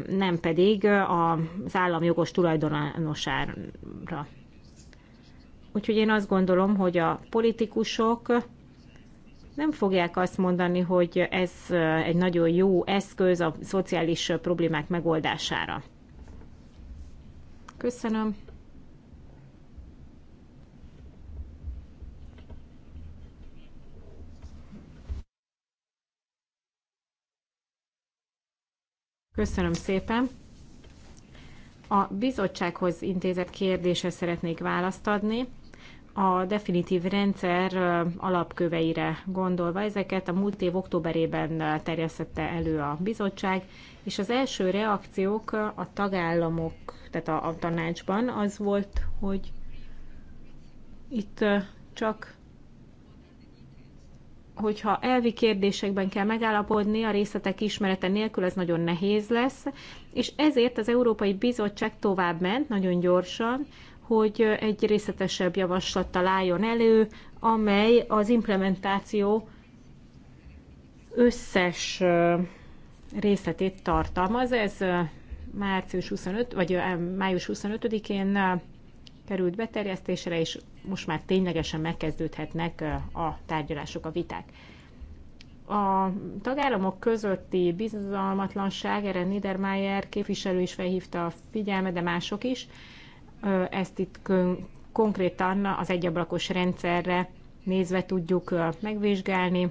nem pedig az államjogos tulajdonosára. Úgyhogy én azt gondolom, hogy a politikusok nem fogják azt mondani, hogy ez egy nagyon jó eszköz a szociális problémák megoldására. Köszönöm. Köszönöm szépen. A bizottsághoz intézett kérdése szeretnék választ adni a definitív rendszer alapköveire gondolva. Ezeket a múlt év októberében terjesztette elő a bizottság, és az első reakciók a tagállamok, tehát a, a tanácsban az volt, hogy itt csak hogyha elvi kérdésekben kell megállapodni, a részletek ismerete nélkül ez nagyon nehéz lesz, és ezért az Európai Bizottság tovább ment nagyon gyorsan, hogy egy részletesebb javaslattal álljon elő, amely az implementáció összes részletét tartalmaz. Ez március 25, vagy május 25-én került beterjesztésre, és most már ténylegesen megkezdődhetnek a tárgyalások, a viták. A tagállamok közötti bizalmatlanság, erre Niedermayer képviselő is felhívta a figyelmet de mások is, ezt itt konkrétan az egyablakos rendszerre nézve tudjuk megvizsgálni.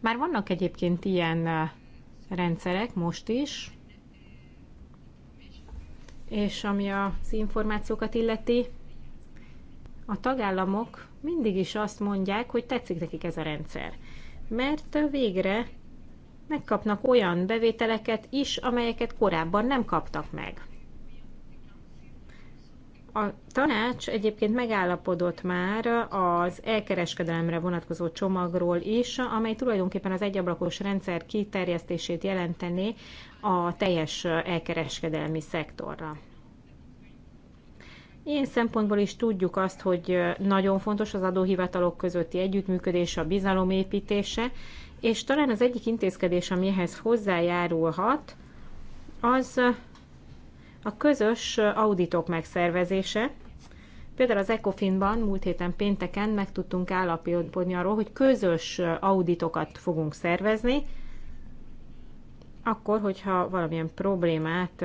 Már vannak egyébként ilyen rendszerek most is, és ami az információkat illeti, a tagállamok mindig is azt mondják, hogy tetszik nekik ez a rendszer. Mert végre megkapnak olyan bevételeket is, amelyeket korábban nem kaptak meg. A tanács egyébként megállapodott már az elkereskedelemre vonatkozó csomagról is, amely tulajdonképpen az egyablakos rendszer kiterjesztését jelenteni a teljes elkereskedelmi szektorra. Ilyen szempontból is tudjuk azt, hogy nagyon fontos az adóhivatalok közötti együttműködés, a bizalomépítése, és talán az egyik intézkedés, ami ehhez hozzájárulhat, az a közös auditok megszervezése. Például az ECOFIN-ban múlt héten pénteken meg tudtunk állapodni arról, hogy közös auditokat fogunk szervezni, akkor, hogyha valamilyen problémát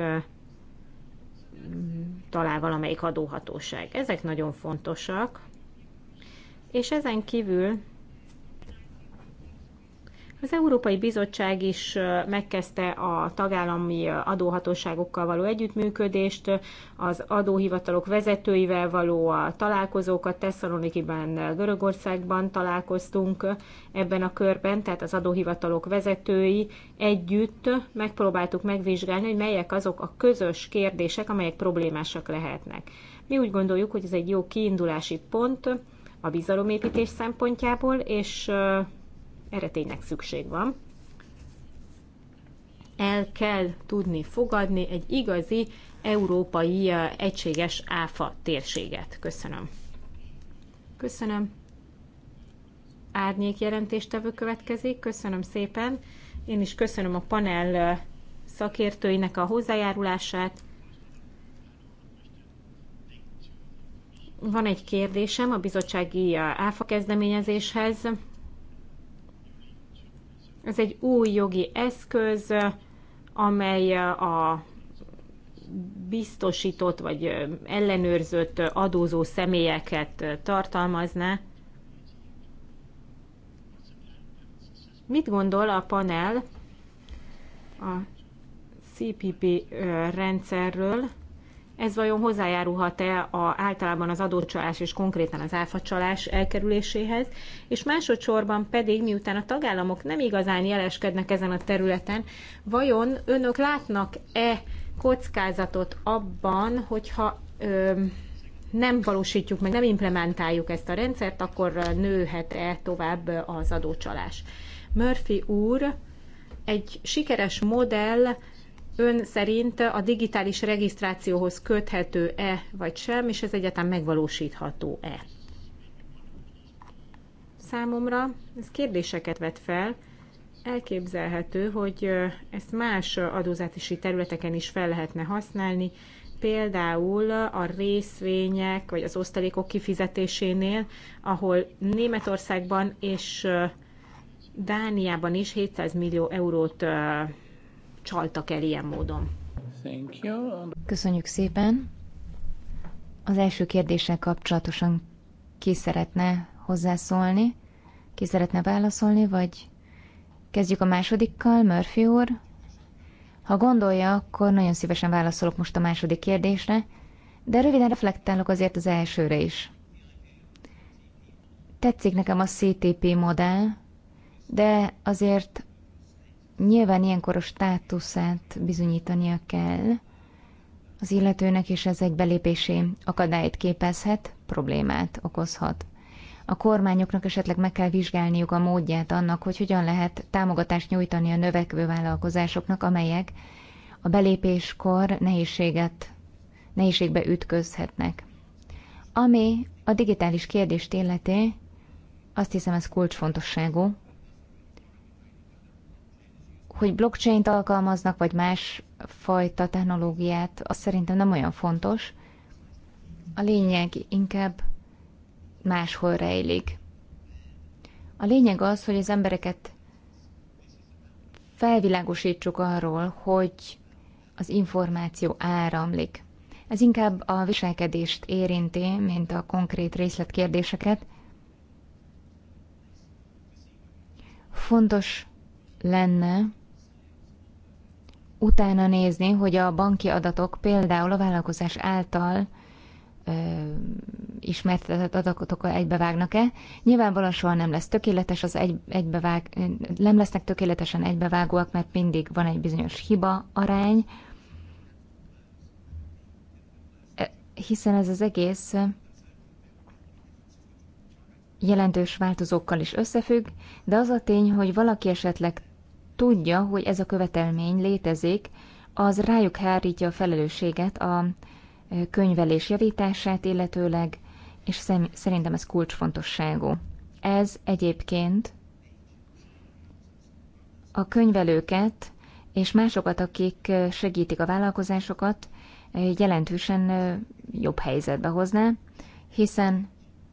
talál valamelyik adóhatóság. Ezek nagyon fontosak. És ezen kívül az Európai Bizottság is megkezdte a tagállami adóhatóságokkal való együttműködést, az adóhivatalok vezetőivel való találkozókat Tesszalonikiben, Görögországban találkoztunk ebben a körben, tehát az adóhivatalok vezetői együtt megpróbáltuk megvizsgálni, hogy melyek azok a közös kérdések, amelyek problémásak lehetnek. Mi úgy gondoljuk, hogy ez egy jó kiindulási pont a bizalomépítés szempontjából, és erre tényleg szükség van. El kell tudni fogadni egy igazi európai eh, egységes áfa térséget. Köszönöm. Köszönöm. Árnyék jelentéstevő következik. Köszönöm szépen. Én is köszönöm a panel eh, szakértőinek a hozzájárulását. Van egy kérdésem a bizottsági eh, áfa kezdeményezéshez. Ez egy új jogi eszköz, amely a biztosított vagy ellenőrzött adózó személyeket tartalmazná. Mit gondol a panel a CPP rendszerről? Ez vajon hozzájárulhat-e a, általában az adócsalás és konkrétan az áfacsalás elkerüléséhez? És másodszorban pedig, miután a tagállamok nem igazán jeleskednek ezen a területen, vajon önök látnak-e kockázatot abban, hogyha ö, nem valósítjuk meg, nem implementáljuk ezt a rendszert, akkor nőhet-e tovább az adócsalás? Murphy úr egy sikeres modell ön szerint a digitális regisztrációhoz köthető-e vagy sem, és ez egyáltalán megvalósítható-e? Számomra ez kérdéseket vet fel. Elképzelhető, hogy ezt más adózási területeken is fel lehetne használni, például a részvények vagy az osztalékok kifizetésénél, ahol Németországban és Dániában is 700 millió eurót csaltak el ilyen módon. Thank you. Köszönjük szépen. Az első kérdéssel kapcsolatosan ki szeretne hozzászólni? Ki szeretne válaszolni, vagy kezdjük a másodikkal, Murphy úr? Ha gondolja, akkor nagyon szívesen válaszolok most a második kérdésre, de röviden reflektálok azért az elsőre is. Tetszik nekem a CTP modell, de azért Nyilván ilyenkor a státuszát bizonyítania kell az illetőnek, és ez egy belépési akadályt képezhet, problémát okozhat. A kormányoknak esetleg meg kell vizsgálniuk a módját annak, hogy hogyan lehet támogatást nyújtani a növekvő vállalkozásoknak, amelyek a belépéskor nehézséget, nehézségbe ütközhetnek. Ami a digitális kérdést illeti, azt hiszem ez kulcsfontosságú, hogy blockchain-t alkalmaznak, vagy más fajta technológiát, az szerintem nem olyan fontos. A lényeg inkább máshol rejlik. A lényeg az, hogy az embereket felvilágosítsuk arról, hogy az információ áramlik. Ez inkább a viselkedést érinti, mint a konkrét részletkérdéseket. Fontos lenne, utána nézni, hogy a banki adatok például a vállalkozás által ö, ismertetett adatok egybevágnak-e. Nyilvánvalóan soha nem lesz tökéletes az egy, egybevág, nem lesznek tökéletesen egybevágóak, mert mindig van egy bizonyos hiba arány, hiszen ez az egész jelentős változókkal is összefügg, de az a tény, hogy valaki esetleg tudja, hogy ez a követelmény létezik, az rájuk hárítja a felelősséget a könyvelés javítását illetőleg, és szerintem ez kulcsfontosságú. Ez egyébként a könyvelőket és másokat, akik segítik a vállalkozásokat, jelentősen jobb helyzetbe hozná, hiszen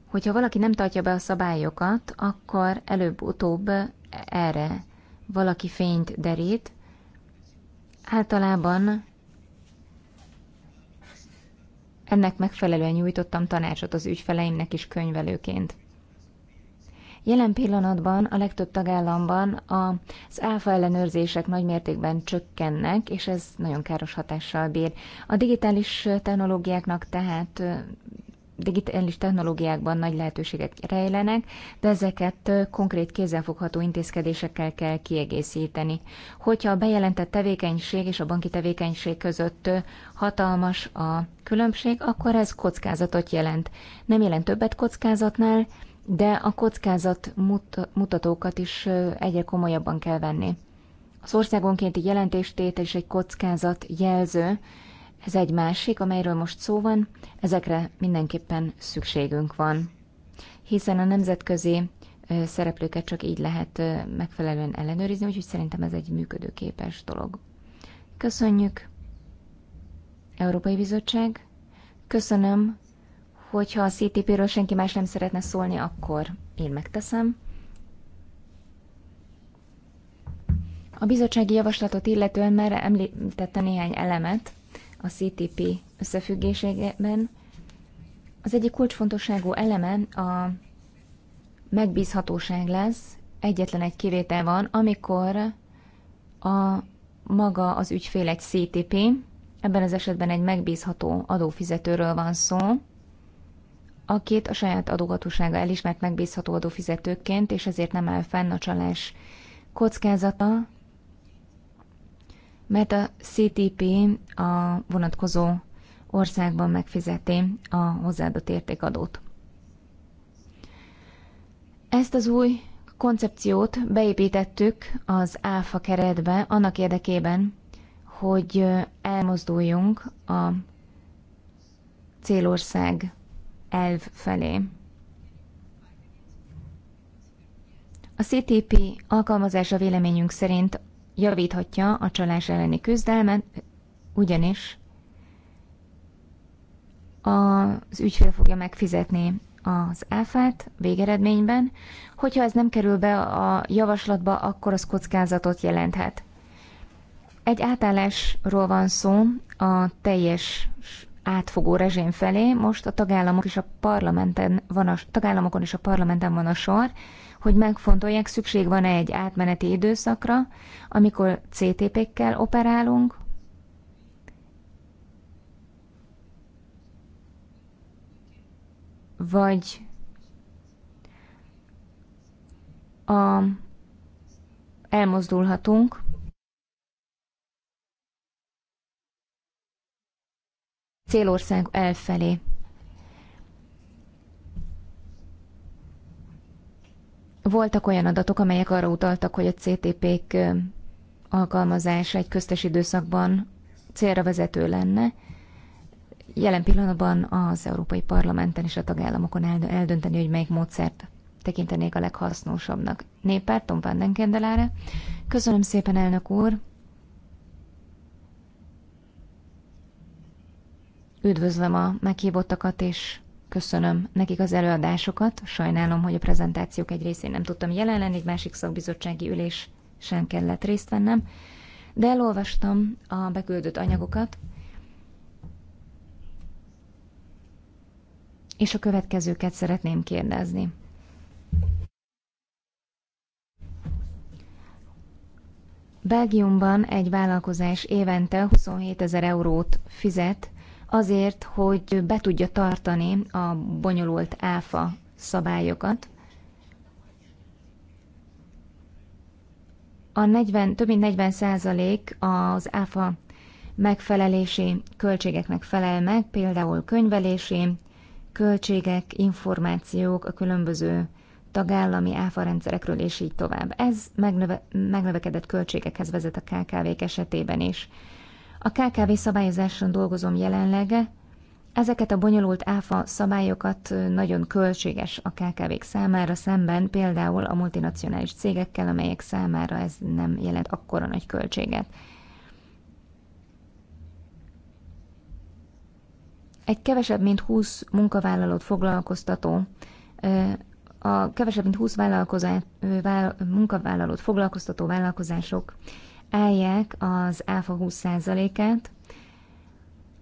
hogyha valaki nem tartja be a szabályokat, akkor előbb-utóbb erre valaki fényt derít, általában ennek megfelelően nyújtottam tanácsot az ügyfeleimnek is könyvelőként. Jelen pillanatban a legtöbb tagállamban az áfa ellenőrzések mértékben csökkennek, és ez nagyon káros hatással bír. A digitális technológiáknak tehát digitális technológiákban nagy lehetőségek rejlenek, de ezeket konkrét kézzelfogható intézkedésekkel kell kiegészíteni. Hogyha a bejelentett tevékenység és a banki tevékenység között hatalmas a különbség, akkor ez kockázatot jelent. Nem jelent többet kockázatnál, de a kockázat mut- mutatókat is egyre komolyabban kell venni. Az országonkénti jelentéstétel is egy kockázat jelző, ez egy másik, amelyről most szó van, ezekre mindenképpen szükségünk van, hiszen a nemzetközi szereplőket csak így lehet megfelelően ellenőrizni, úgyhogy szerintem ez egy működőképes dolog. Köszönjük, Európai Bizottság. Köszönöm, hogyha a CTP-ről senki más nem szeretne szólni, akkor én megteszem. A bizottsági javaslatot illetően már említette néhány elemet, a CTP összefüggésében. Az egyik kulcsfontosságú eleme a megbízhatóság lesz, egyetlen egy kivétel van, amikor a maga az ügyfél egy CTP, ebben az esetben egy megbízható adófizetőről van szó, akit a saját adóhatósága elismert megbízható adófizetőként, és ezért nem áll fenn a csalás kockázata, mert a CTP a vonatkozó országban megfizeti a hozzáadott értékadót. Ezt az új koncepciót beépítettük az ÁFA keretbe annak érdekében, hogy elmozduljunk a célország elv felé. A CTP alkalmazása véleményünk szerint javíthatja a csalás elleni küzdelmet, ugyanis az ügyfél fogja megfizetni az áfát végeredményben, hogyha ez nem kerül be a javaslatba, akkor az kockázatot jelenthet. Egy átállásról van szó a teljes átfogó rezsim felé, most a tagállamok és a parlamenten van a, tagállamokon és a parlamenten van a sor, hogy megfontolják, szükség van-e egy átmeneti időszakra, amikor CTP-kkel operálunk, vagy a, elmozdulhatunk célország elfelé. Voltak olyan adatok, amelyek arra utaltak, hogy a CTP-k alkalmazása egy köztes időszakban célra vezető lenne. Jelen pillanatban az Európai Parlamenten és a tagállamokon eldönteni, hogy melyik módszert tekintenék a leghasznosabbnak. Néppártom Vandenkendelára. Köszönöm szépen, elnök úr! Üdvözlöm a meghívottakat, és köszönöm nekik az előadásokat. Sajnálom, hogy a prezentációk egy részén nem tudtam jelen lenni, egy másik szakbizottsági ülés sem kellett részt vennem, de elolvastam a beküldött anyagokat, és a következőket szeretném kérdezni. Belgiumban egy vállalkozás évente 27 ezer eurót fizet azért, hogy be tudja tartani a bonyolult áfa szabályokat. A 40, több mint 40 százalék az áfa megfelelési költségeknek felel meg, például könyvelési költségek, információk a különböző tagállami áfa rendszerekről és így tovább. Ez megnöve, megnövekedett költségekhez vezet a KKV-k esetében is. A KKV szabályozáson dolgozom jelenleg, ezeket a bonyolult áfa szabályokat nagyon költséges a kkv számára szemben, például a multinacionális cégekkel, amelyek számára ez nem jelent akkora nagy költséget. Egy kevesebb mint 20 munkavállalót foglalkoztató a kevesebb mint 20 vállalkozá, munkavállalót foglalkoztató vállalkozások állják az áfa 20%-át.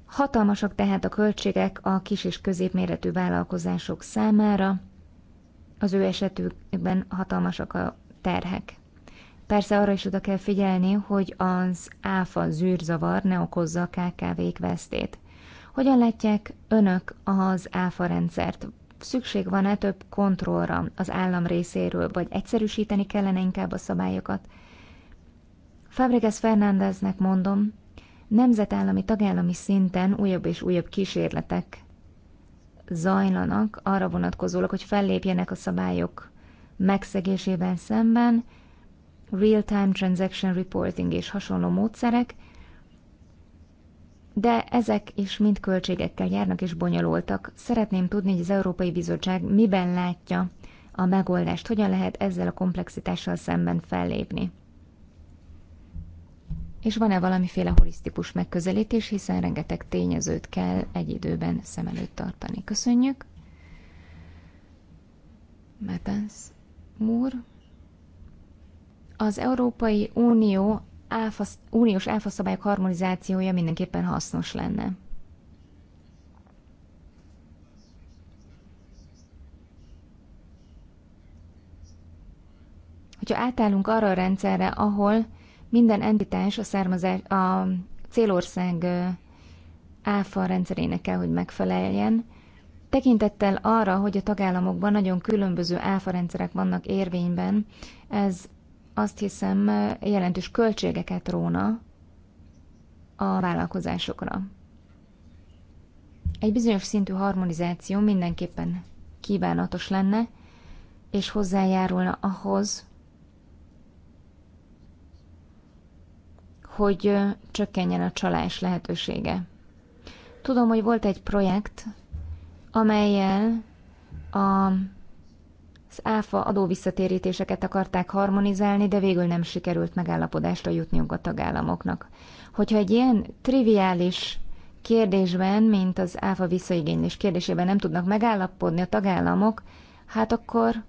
Hatalmasak tehát a költségek a kis és középméretű vállalkozások számára, az ő esetükben hatalmasak a terhek. Persze arra is oda kell figyelni, hogy az áfa zűrzavar ne okozza a kkv vesztét. Hogyan látják önök az áfa rendszert? Szükség van-e több kontrollra az állam részéről, vagy egyszerűsíteni kellene inkább a szabályokat? Fabregas Fernándeznek mondom, nemzetállami, tagállami szinten újabb és újabb kísérletek zajlanak arra vonatkozólag, hogy fellépjenek a szabályok megszegésében szemben, real-time transaction reporting és hasonló módszerek, de ezek is mind költségekkel járnak és bonyolultak. Szeretném tudni, hogy az Európai Bizottság miben látja a megoldást, hogyan lehet ezzel a komplexitással szemben fellépni és van-e valamiféle holisztikus megközelítés, hiszen rengeteg tényezőt kell egy időben szem előtt tartani. Köszönjük! Metens, Múr. Az Európai Unió áfa, uniós áfaszabályok harmonizációja mindenképpen hasznos lenne. Hogyha átállunk arra a rendszerre, ahol minden entitás a, származás, a célország áfa rendszerének kell, hogy megfeleljen. Tekintettel arra, hogy a tagállamokban nagyon különböző áfa rendszerek vannak érvényben, ez azt hiszem jelentős költségeket róna a vállalkozásokra. Egy bizonyos szintű harmonizáció mindenképpen kívánatos lenne, és hozzájárulna ahhoz, hogy csökkenjen a csalás lehetősége. Tudom, hogy volt egy projekt, amelyel a, az áfa adóvisszatérítéseket akarták harmonizálni, de végül nem sikerült megállapodásra jutniuk a tagállamoknak. Hogyha egy ilyen triviális kérdésben, mint az áfa visszaigénylés kérdésében nem tudnak megállapodni a tagállamok, hát akkor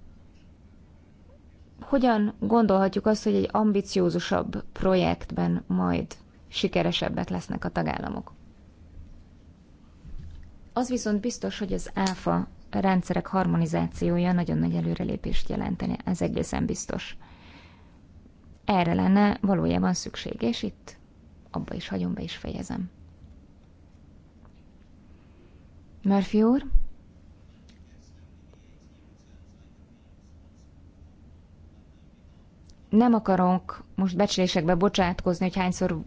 hogyan gondolhatjuk azt, hogy egy ambiciózusabb projektben majd sikeresebbek lesznek a tagállamok? Az viszont biztos, hogy az ÁFA rendszerek harmonizációja nagyon nagy előrelépést jelenteni, ez egészen biztos. Erre lenne valójában szükség, és itt abba is hagyom, be is fejezem. Murphy úr? nem akarunk most becslésekbe bocsátkozni, hogy hányszor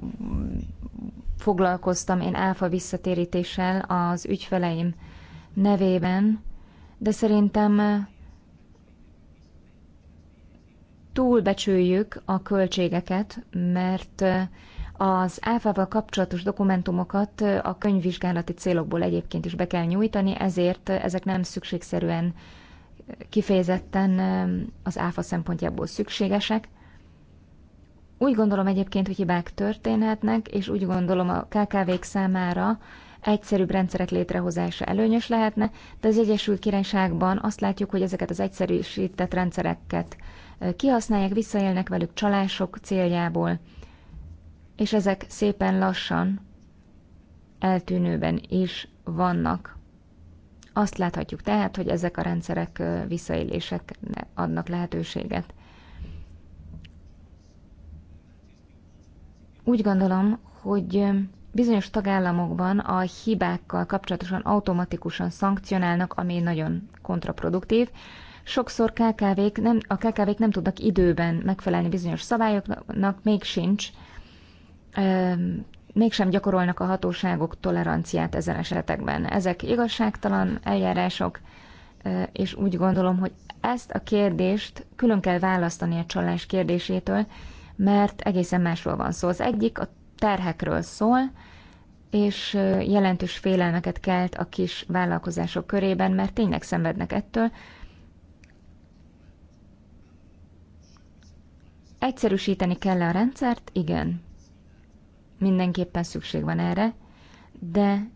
foglalkoztam én áfa visszatérítéssel az ügyfeleim nevében, de szerintem túlbecsüljük a költségeket, mert az áfával kapcsolatos dokumentumokat a könyvvizsgálati célokból egyébként is be kell nyújtani, ezért ezek nem szükségszerűen kifejezetten az áfa szempontjából szükségesek. Úgy gondolom egyébként, hogy hibák történhetnek, és úgy gondolom a KKV-k számára egyszerűbb rendszerek létrehozása előnyös lehetne, de az Egyesült Királyságban azt látjuk, hogy ezeket az egyszerűsített rendszereket kihasználják, visszaélnek velük csalások céljából, és ezek szépen lassan eltűnőben is vannak. Azt láthatjuk tehát, hogy ezek a rendszerek visszaéléseknek adnak lehetőséget. Úgy gondolom, hogy bizonyos tagállamokban a hibákkal kapcsolatosan automatikusan szankcionálnak, ami nagyon kontraproduktív. Sokszor KKV-k nem, a KKV-k nem tudnak időben megfelelni bizonyos szabályoknak, még sincs, mégsem gyakorolnak a hatóságok toleranciát ezen esetekben. Ezek igazságtalan eljárások, és úgy gondolom, hogy ezt a kérdést külön kell választani a csalás kérdésétől, mert egészen másról van szó. Az egyik a terhekről szól, és jelentős félelmeket kelt a kis vállalkozások körében, mert tényleg szenvednek ettől. Egyszerűsíteni kell a rendszert? Igen. Mindenképpen szükség van erre, de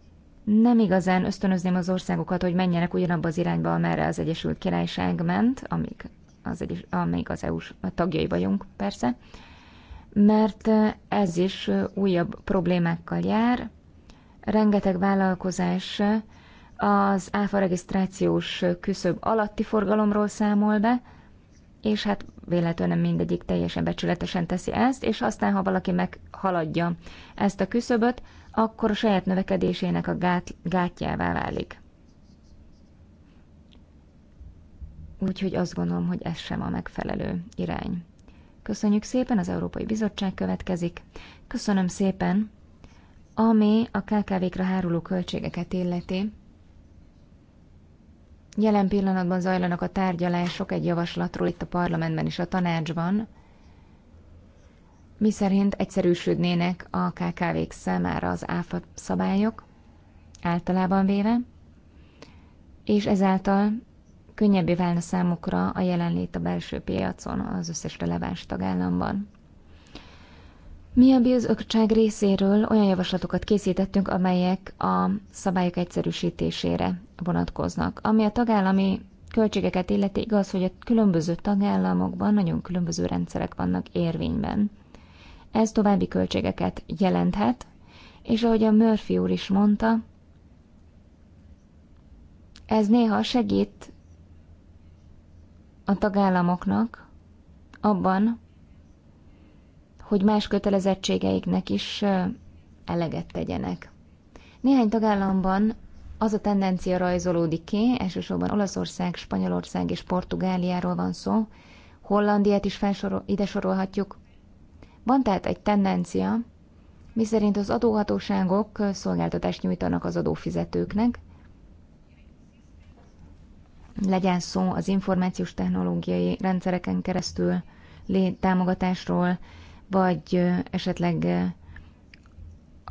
nem igazán ösztönözném az országokat, hogy menjenek ugyanabba az irányba, amerre az Egyesült Királyság ment, amíg az, egyes, amíg az EU-s tagjai vagyunk, persze mert ez is újabb problémákkal jár. Rengeteg vállalkozás az áfa regisztrációs küszöb alatti forgalomról számol be, és hát véletlenül nem mindegyik teljesen becsületesen teszi ezt, és aztán, ha valaki meghaladja ezt a küszöböt, akkor a saját növekedésének a gát, gátjává válik. Úgyhogy azt gondolom, hogy ez sem a megfelelő irány. Köszönjük szépen, az Európai Bizottság következik. Köszönöm szépen, ami a KKV-kra háruló költségeket illeti. Jelen pillanatban zajlanak a tárgyalások egy javaslatról itt a parlamentben és a tanácsban, szerint egyszerűsödnének a KKV-k számára az áfa szabályok, általában véve, és ezáltal könnyebbé válna számukra a jelenlét a belső piacon az összes releváns tagállamban. Mi a bizottság részéről olyan javaslatokat készítettünk, amelyek a szabályok egyszerűsítésére vonatkoznak. Ami a tagállami költségeket illeti, igaz, hogy a különböző tagállamokban nagyon különböző rendszerek vannak érvényben. Ez további költségeket jelenthet, és ahogy a Murphy úr is mondta, ez néha segít a tagállamoknak abban, hogy más kötelezettségeiknek is eleget tegyenek. Néhány tagállamban az a tendencia rajzolódik ki, elsősorban Olaszország, Spanyolország és Portugáliáról van szó, Hollandiát is felsorol, ide sorolhatjuk. Van tehát egy tendencia, miszerint az adóhatóságok szolgáltatást nyújtanak az adófizetőknek, legyen szó az információs technológiai rendszereken keresztül támogatásról, vagy esetleg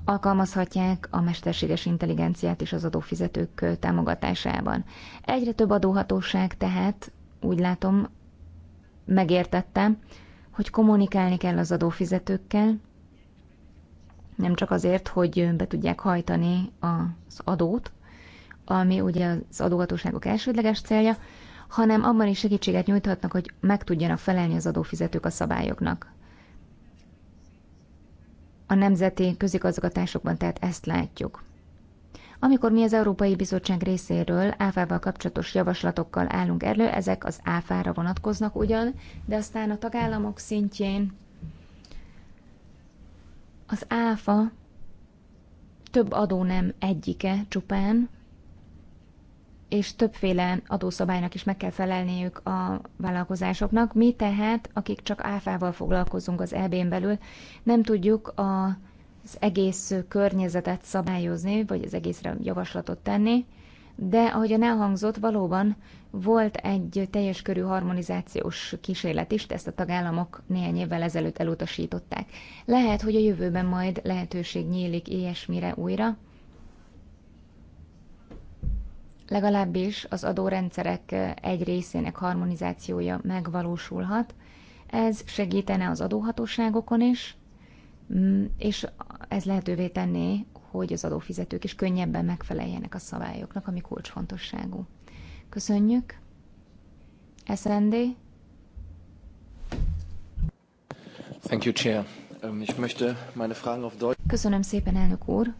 alkalmazhatják a mesterséges intelligenciát is az adófizetők támogatásában. Egyre több adóhatóság tehát, úgy látom, megértette, hogy kommunikálni kell az adófizetőkkel, nem csak azért, hogy be tudják hajtani az adót, ami ugye az adóhatóságok elsődleges célja, hanem abban is segítséget nyújthatnak, hogy meg tudjanak felelni az adófizetők a szabályoknak. A nemzeti közigazgatásokban tehát ezt látjuk. Amikor mi az Európai Bizottság részéről áfával kapcsolatos javaslatokkal állunk elő, ezek az áfára vonatkoznak ugyan, de aztán a tagállamok szintjén az áfa több adó nem egyike csupán, és többféle adószabálynak is meg kell felelniük a vállalkozásoknak. Mi tehát, akik csak áfával foglalkozunk az EB-n belül, nem tudjuk a az egész környezetet szabályozni, vagy az egészre javaslatot tenni, de ahogyan elhangzott, valóban volt egy teljes körű harmonizációs kísérlet is, ezt a tagállamok néhány évvel ezelőtt elutasították. Lehet, hogy a jövőben majd lehetőség nyílik ilyesmire újra, legalábbis az adórendszerek egy részének harmonizációja megvalósulhat. Ez segítene az adóhatóságokon is, mm, és ez lehetővé tenné, hogy az adófizetők is könnyebben megfeleljenek a szabályoknak, ami kulcsfontosságú. Köszönjük! SND. Thank you, Chair. Um, ich möchte meine Fragen auf Deutsch. Köszönöm szépen, elnök úr.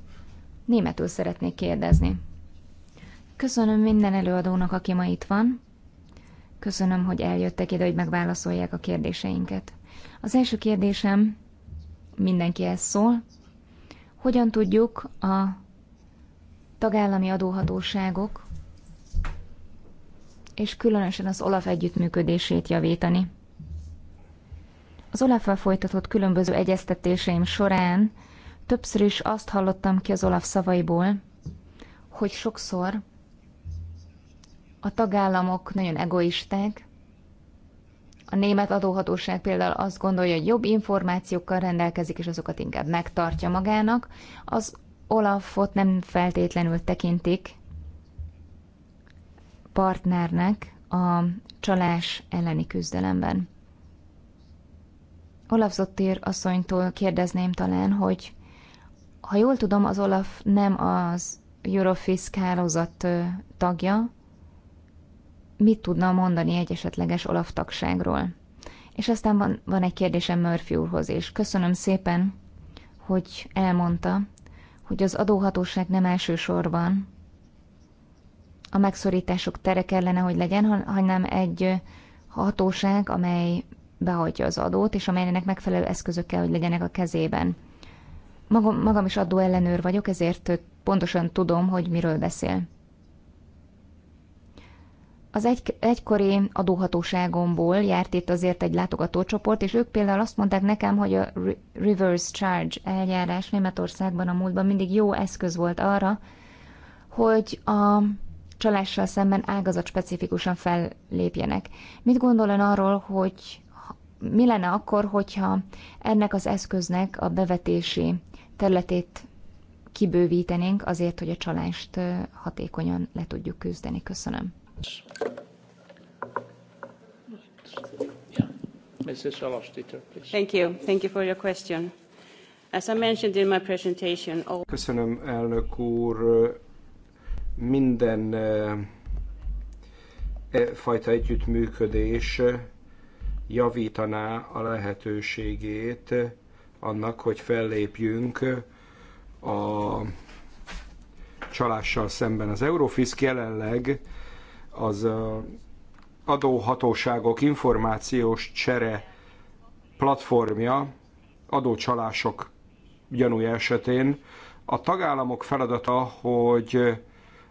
Németül szeretnék kérdezni. Köszönöm minden előadónak, aki ma itt van. Köszönöm, hogy eljöttek ide, hogy megválaszolják a kérdéseinket. Az első kérdésem mindenkihez szól. Hogyan tudjuk a tagállami adóhatóságok és különösen az OLAF együttműködését javítani? Az olaf folytatott különböző egyeztetéseim során többször is azt hallottam ki az Olaf szavaiból, hogy sokszor a tagállamok nagyon egoisták. A német adóhatóság például azt gondolja, hogy jobb információkkal rendelkezik, és azokat inkább megtartja magának. Az Olafot nem feltétlenül tekintik partnernek a csalás elleni küzdelemben. Olaf Zottir asszonytól kérdezném talán, hogy ha jól tudom, az Olaf nem az Eurofisk hálózat tagja, mit tudna mondani egy esetleges Olaf tagságról. És aztán van, van egy kérdésem Murphy úrhoz is. Köszönöm szépen, hogy elmondta, hogy az adóhatóság nem elsősorban a megszorítások tere kellene, hogy legyen, hanem egy hatóság, amely behajtja az adót, és amelynek megfelelő eszközök kell, hogy legyenek a kezében. Magam, magam is adóellenőr vagyok, ezért pontosan tudom, hogy miről beszél. Az egy, egykori adóhatóságomból járt itt azért egy látogatócsoport, és ők például azt mondták nekem, hogy a reverse charge eljárás Németországban a múltban mindig jó eszköz volt arra, hogy a csalással szemben ágazat specifikusan fellépjenek. Mit gondol ön arról, hogy mi lenne akkor, hogyha ennek az eszköznek a bevetési területét kibővítenénk azért, hogy a csalást hatékonyan le tudjuk küzdeni? Köszönöm. Mrs. Alastitter, please. Thank you. Thank you for your question. As I mentioned in my presentation, all... Köszönöm, elnök úr. Minden eh, e fajta együttműködés eh, javítaná a lehetőségét annak, hogy fellépjünk eh, a csalással szemben. Az Eurofisk jelenleg az adóhatóságok információs csere platformja adócsalások gyanúja esetén. A tagállamok feladata, hogy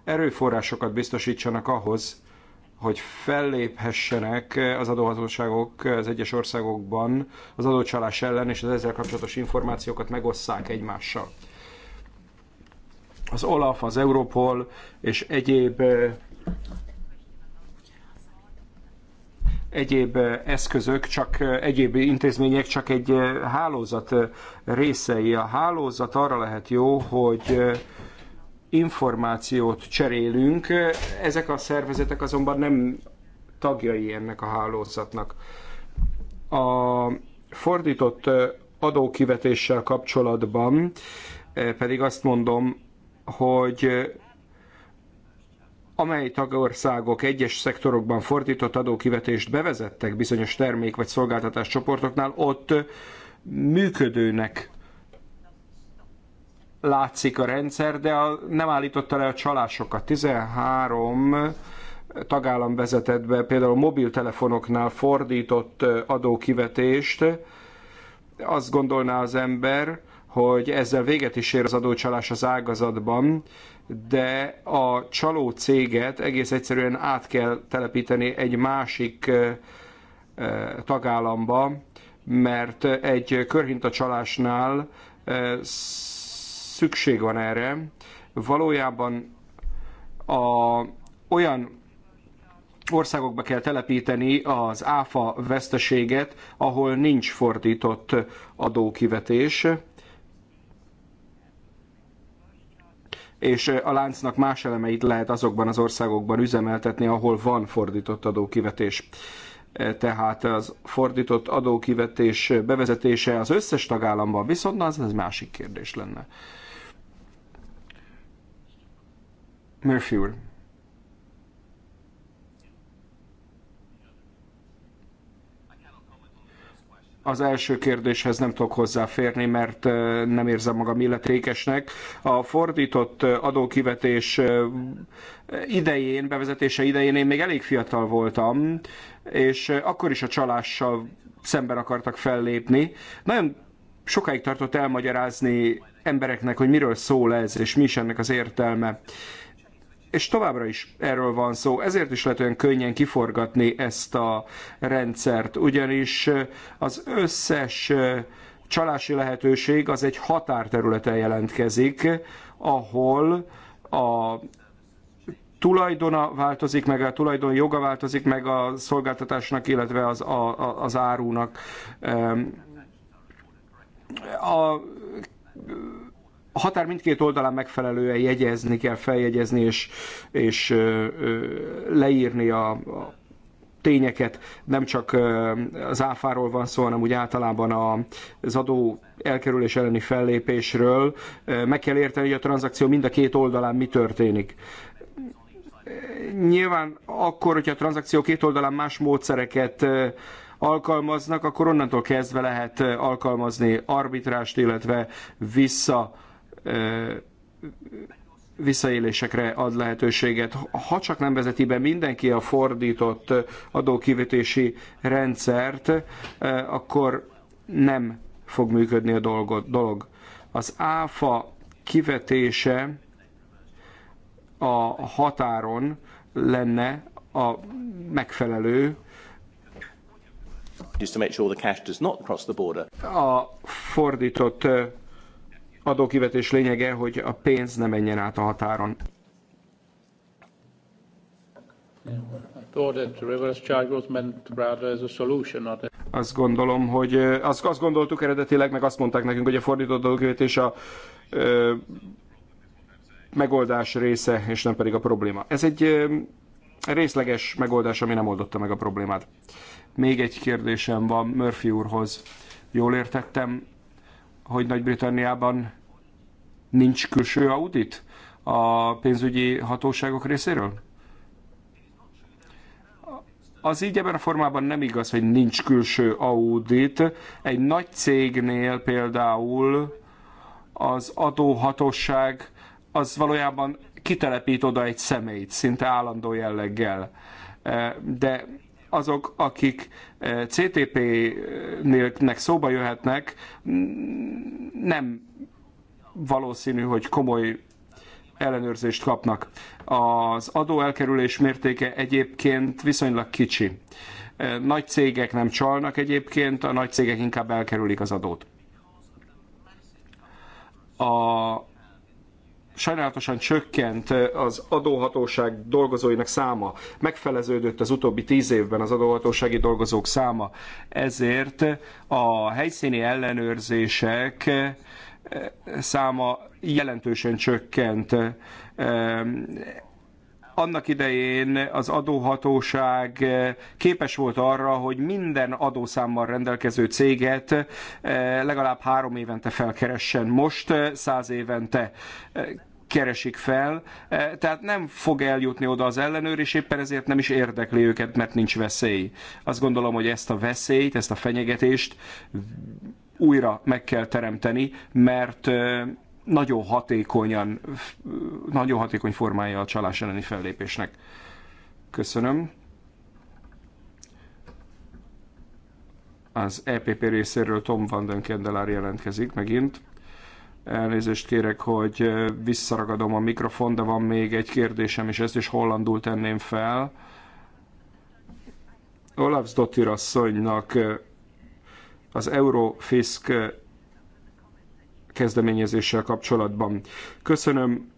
erőforrásokat biztosítsanak ahhoz, hogy felléphessenek az adóhatóságok az egyes országokban az adócsalás ellen, és az ezzel kapcsolatos információkat megosszák egymással. Az OLAF, az Europol és egyéb egyéb eh, eszközök, csak eh, egyéb intézmények csak egy eh, hálózat részei. A hálózat arra lehet jó, hogy információt cserélünk, ezek a szervezetek azonban nem tagjai ennek a hálózatnak. A fordított adókivetéssel kapcsolatban pedig azt mondom, hogy amely tagországok egyes szektorokban fordított adókivetést bevezettek bizonyos termék vagy szolgáltatás csoportoknál, ott működőnek látszik a rendszer, de a, nem állította le a csalásokat. 13 tagállam vezetett be például mobiltelefonoknál fordított adókivetést, azt gondolná az ember, hogy ezzel véget is ér az adócsalás az ágazatban, de a csaló céget egész egyszerűen át kell telepíteni egy másik tagállamba, mert egy körhintacsalásnál szükség van erre. Valójában a, olyan országokba kell telepíteni az áfa veszteséget, ahol nincs fordított adókivetés. és a láncnak más elemeit lehet azokban az országokban üzemeltetni, ahol van fordított adókivetés. Tehát az fordított adókivetés bevezetése az összes tagállamban, viszont az ez másik kérdés lenne. Murphy úr. Az első kérdéshez nem tudok hozzáférni, mert nem érzem magam illetékesnek. A fordított adókivetés idején, bevezetése idején én még elég fiatal voltam, és akkor is a csalással szemben akartak fellépni. Nagyon sokáig tartott elmagyarázni embereknek, hogy miről szól ez, és mi is ennek az értelme és továbbra is erről van szó, ezért is lehet olyan könnyen kiforgatni ezt a rendszert, ugyanis az összes csalási lehetőség az egy határterületen jelentkezik, ahol a tulajdona változik meg, a tulajdon joga változik meg a szolgáltatásnak, illetve az, a, az árunak. A a határ mindkét oldalán megfelelően jegyezni kell, feljegyezni és, és leírni a, a tényeket, nem csak az áfáról van szó, hanem úgy általában az adó elkerülés elleni fellépésről. Meg kell érteni, hogy a tranzakció mind a két oldalán mi történik. Nyilván akkor, hogyha a tranzakció két oldalán más módszereket alkalmaznak, akkor onnantól kezdve lehet alkalmazni arbitrást, illetve vissza visszaélésekre ad lehetőséget. Ha csak nem vezeti be mindenki a fordított adókivetési rendszert, akkor nem fog működni a dolog. Az áfa kivetése a határon lenne a megfelelő A fordított adókivetés lényege, hogy a pénz ne menjen át a határon. Azt gondolom, hogy azt, azt gondoltuk eredetileg, meg azt mondták nekünk, hogy a fordított adókivetés a ö, megoldás része, és nem pedig a probléma. Ez egy ö, részleges megoldás, ami nem oldotta meg a problémát. Még egy kérdésem van Murphy úrhoz. Jól értettem, hogy Nagy-Britanniában Nincs külső audit a pénzügyi hatóságok részéről? Az így ebben a formában nem igaz, hogy nincs külső audit. Egy nagy cégnél például az adóhatóság az valójában kitelepít oda egy személyt, szinte állandó jelleggel. E, de azok, akik e, CTP-nek szóba jöhetnek, nem valószínű, hogy komoly ellenőrzést kapnak. Az adó elkerülés mértéke egyébként viszonylag kicsi. Nagy cégek nem csalnak egyébként, a nagy cégek inkább elkerülik az adót. A sajnálatosan csökkent az adóhatóság dolgozóinak száma, megfeleződött az utóbbi tíz évben az adóhatósági dolgozók száma, ezért a helyszíni ellenőrzések száma jelentősen csökkent. Annak idején az adóhatóság képes volt arra, hogy minden adószámmal rendelkező céget eh, legalább három évente felkeressen. Most eh, száz évente eh, keresik fel, tehát nem fog eljutni oda az ellenőr, és éppen ezért nem is érdekli őket, mert nincs veszély. Azt gondolom, hogy ezt a veszélyt, ezt a fenyegetést újra meg kell teremteni, mert nagyon hatékonyan, nagyon hatékony formája a csalás elleni fellépésnek. Köszönöm. Az EPP részéről Tom van den Kendelár jelentkezik megint. Elnézést kérek, hogy visszaragadom a mikrofon, de van még egy kérdésem, és ezt is hollandul tenném fel. Olavs Dottir asszonynak az Eurofisk kezdeményezéssel kapcsolatban. Köszönöm,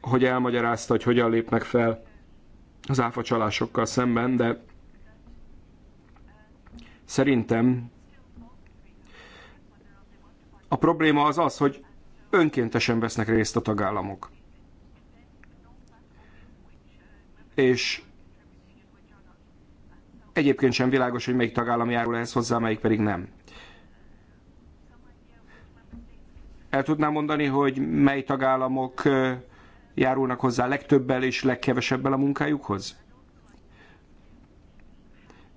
hogy elmagyarázta, hogy hogyan lépnek fel az áfacsalásokkal szemben, de szerintem a probléma az az, hogy önkéntesen vesznek részt a tagállamok. És Egyébként sem világos, hogy melyik tagállam járul ehhez hozzá, melyik pedig nem. El tudnám mondani, hogy mely tagállamok járulnak hozzá legtöbbel és legkevesebbel a munkájukhoz?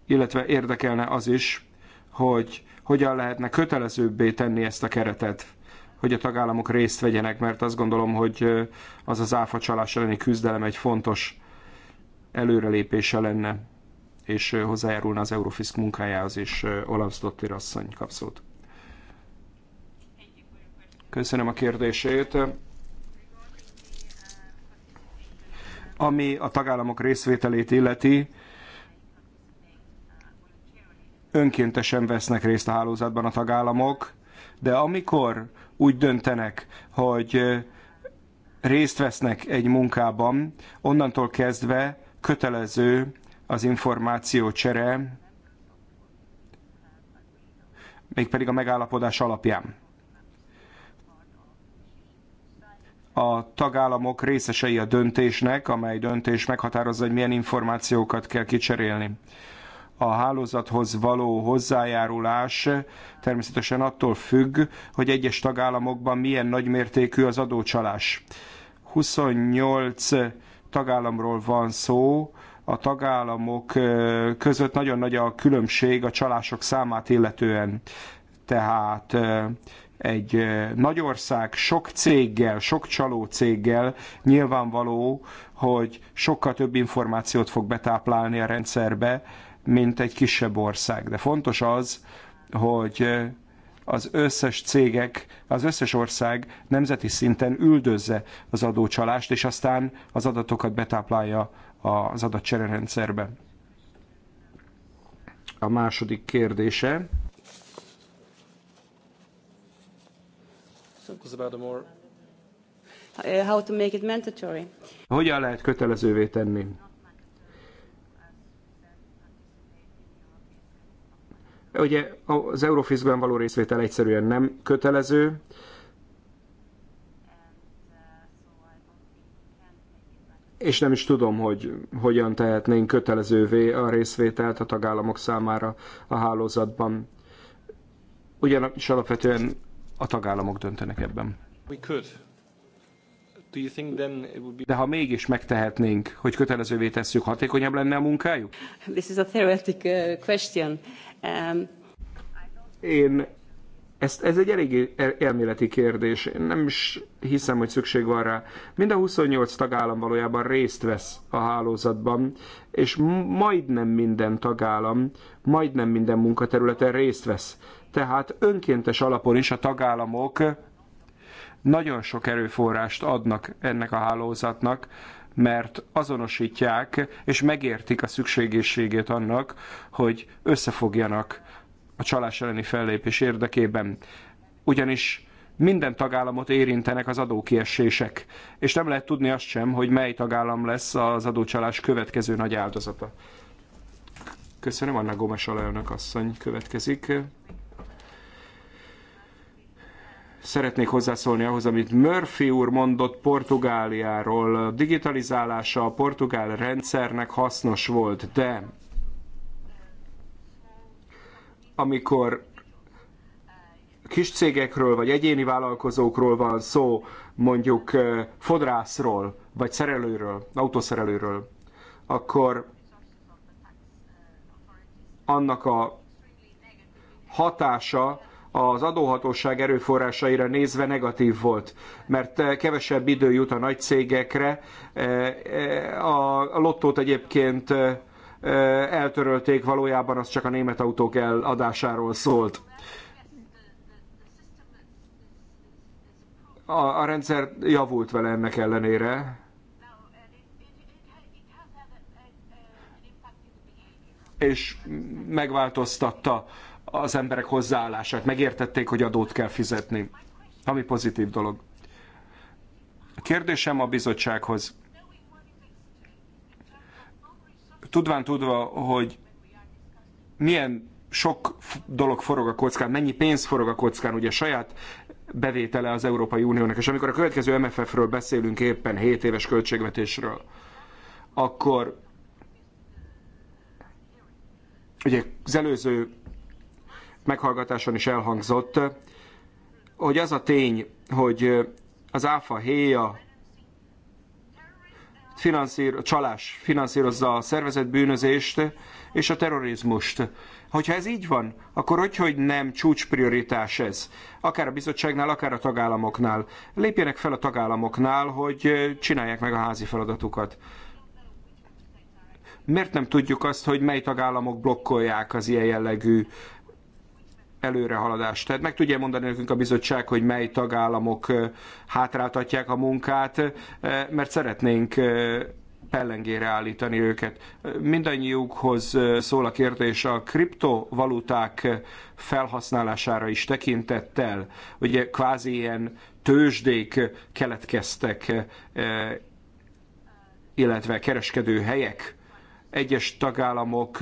Illetve érdekelne az is, hogy hogyan lehetne kötelezőbbé tenni ezt a keretet, hogy a tagállamok részt vegyenek, mert azt gondolom, hogy az az áfa csalás elleni küzdelem egy fontos előrelépése lenne és hozzájárulna az Eurofisk munkájához és Olasz Dottir asszony kap szót. Köszönöm a kérdését. Ami a tagállamok részvételét illeti, önkéntesen vesznek részt a hálózatban a tagállamok, de amikor úgy döntenek, hogy részt vesznek egy munkában, onnantól kezdve kötelező az információ csere, mégpedig a megállapodás alapján. a tagállamok részesei a döntésnek, amely döntés meghatározza, hogy milyen információkat kell kicserélni. A hálózathoz való hozzájárulás természetesen attól függ, hogy egyes tagállamokban milyen nagymértékű az adócsalás. 28 tagállamról van szó, a tagállamok között nagyon nagy a különbség a csalások számát illetően. Tehát egy nagy ország sok céggel, sok csaló céggel nyilvánvaló, hogy sokkal több információt fog betáplálni a rendszerbe, mint egy kisebb ország. De fontos az, hogy az összes cégek, az összes ország nemzeti szinten üldözze az adócsalást, és aztán az adatokat betáplálja az rendszerbe. A második kérdése. How to make it mandatory. Hogyan lehet kötelezővé tenni? Ugye az Eurofizben való részvétel egyszerűen nem kötelező, és nem is tudom, hogy hogyan tehetnénk kötelezővé a részvételt a tagállamok számára a hálózatban. Ugyanis alapvetően a tagállamok döntenek ebben. De ha mégis megtehetnénk, hogy kötelezővé tesszük, hatékonyabb lenne a munkájuk? This is a theoretical question. Um... Én ezt, ez egy elég elméleti kérdés. Én nem is hiszem, hogy szükség van rá. Mind a 28 tagállam valójában részt vesz a hálózatban, és majdnem minden tagállam, majdnem minden munkaterületen részt vesz. Tehát önkéntes alapon is a tagállamok nagyon sok erőforrást adnak ennek a hálózatnak, mert azonosítják és megértik a szükségességét annak, hogy összefogjanak a csalás elleni fellépés érdekében. Ugyanis minden tagállamot érintenek az adókiesések, és nem lehet tudni azt sem, hogy mely tagállam lesz az adócsalás következő nagy áldozata. Köszönöm, Anna Gomes alelnök asszony következik. Szeretnék hozzászólni ahhoz, amit Murphy úr mondott Portugáliáról. A digitalizálása a portugál rendszernek hasznos volt, de amikor kis cégekről vagy egyéni vállalkozókról van szó, mondjuk fodrászról, vagy szerelőről, autószerelőről, akkor annak a hatása az adóhatóság erőforrásaira nézve negatív volt, mert kevesebb idő jut a nagy cégekre. A lottót egyébként eltörölték, valójában az csak a német autók eladásáról szólt. A, a rendszer javult vele ennek ellenére. És megváltoztatta az emberek hozzáállását. Megértették, hogy adót kell fizetni. Ami pozitív dolog. A kérdésem a bizottsághoz Tudván tudva, hogy milyen sok dolog forog a kockán, mennyi pénz forog a kockán, ugye saját bevétele az Európai Uniónak, és amikor a következő MFF-ről beszélünk éppen 7 éves költségvetésről, akkor ugye az előző meghallgatáson is elhangzott, hogy az a tény, hogy az áfa héja finanszír, a csalás finanszírozza a szervezett bűnözést és a terrorizmust. Hogyha ez így van, akkor hogy, hogy nem csúcsprioritás ez? Akár a bizottságnál, akár a tagállamoknál. Lépjenek fel a tagállamoknál, hogy csinálják meg a házi feladatukat miért nem tudjuk azt, hogy mely tagállamok blokkolják az ilyen jellegű előrehaladást. Tehát meg tudja mondani nekünk a bizottság, hogy mely tagállamok hátráltatják a munkát, mert szeretnénk pellengére állítani őket. Mindannyiukhoz szól a kérdés a kriptovaluták felhasználására is tekintettel. Ugye kvázi ilyen tőzsdék keletkeztek, illetve kereskedő helyek. Egyes tagállamok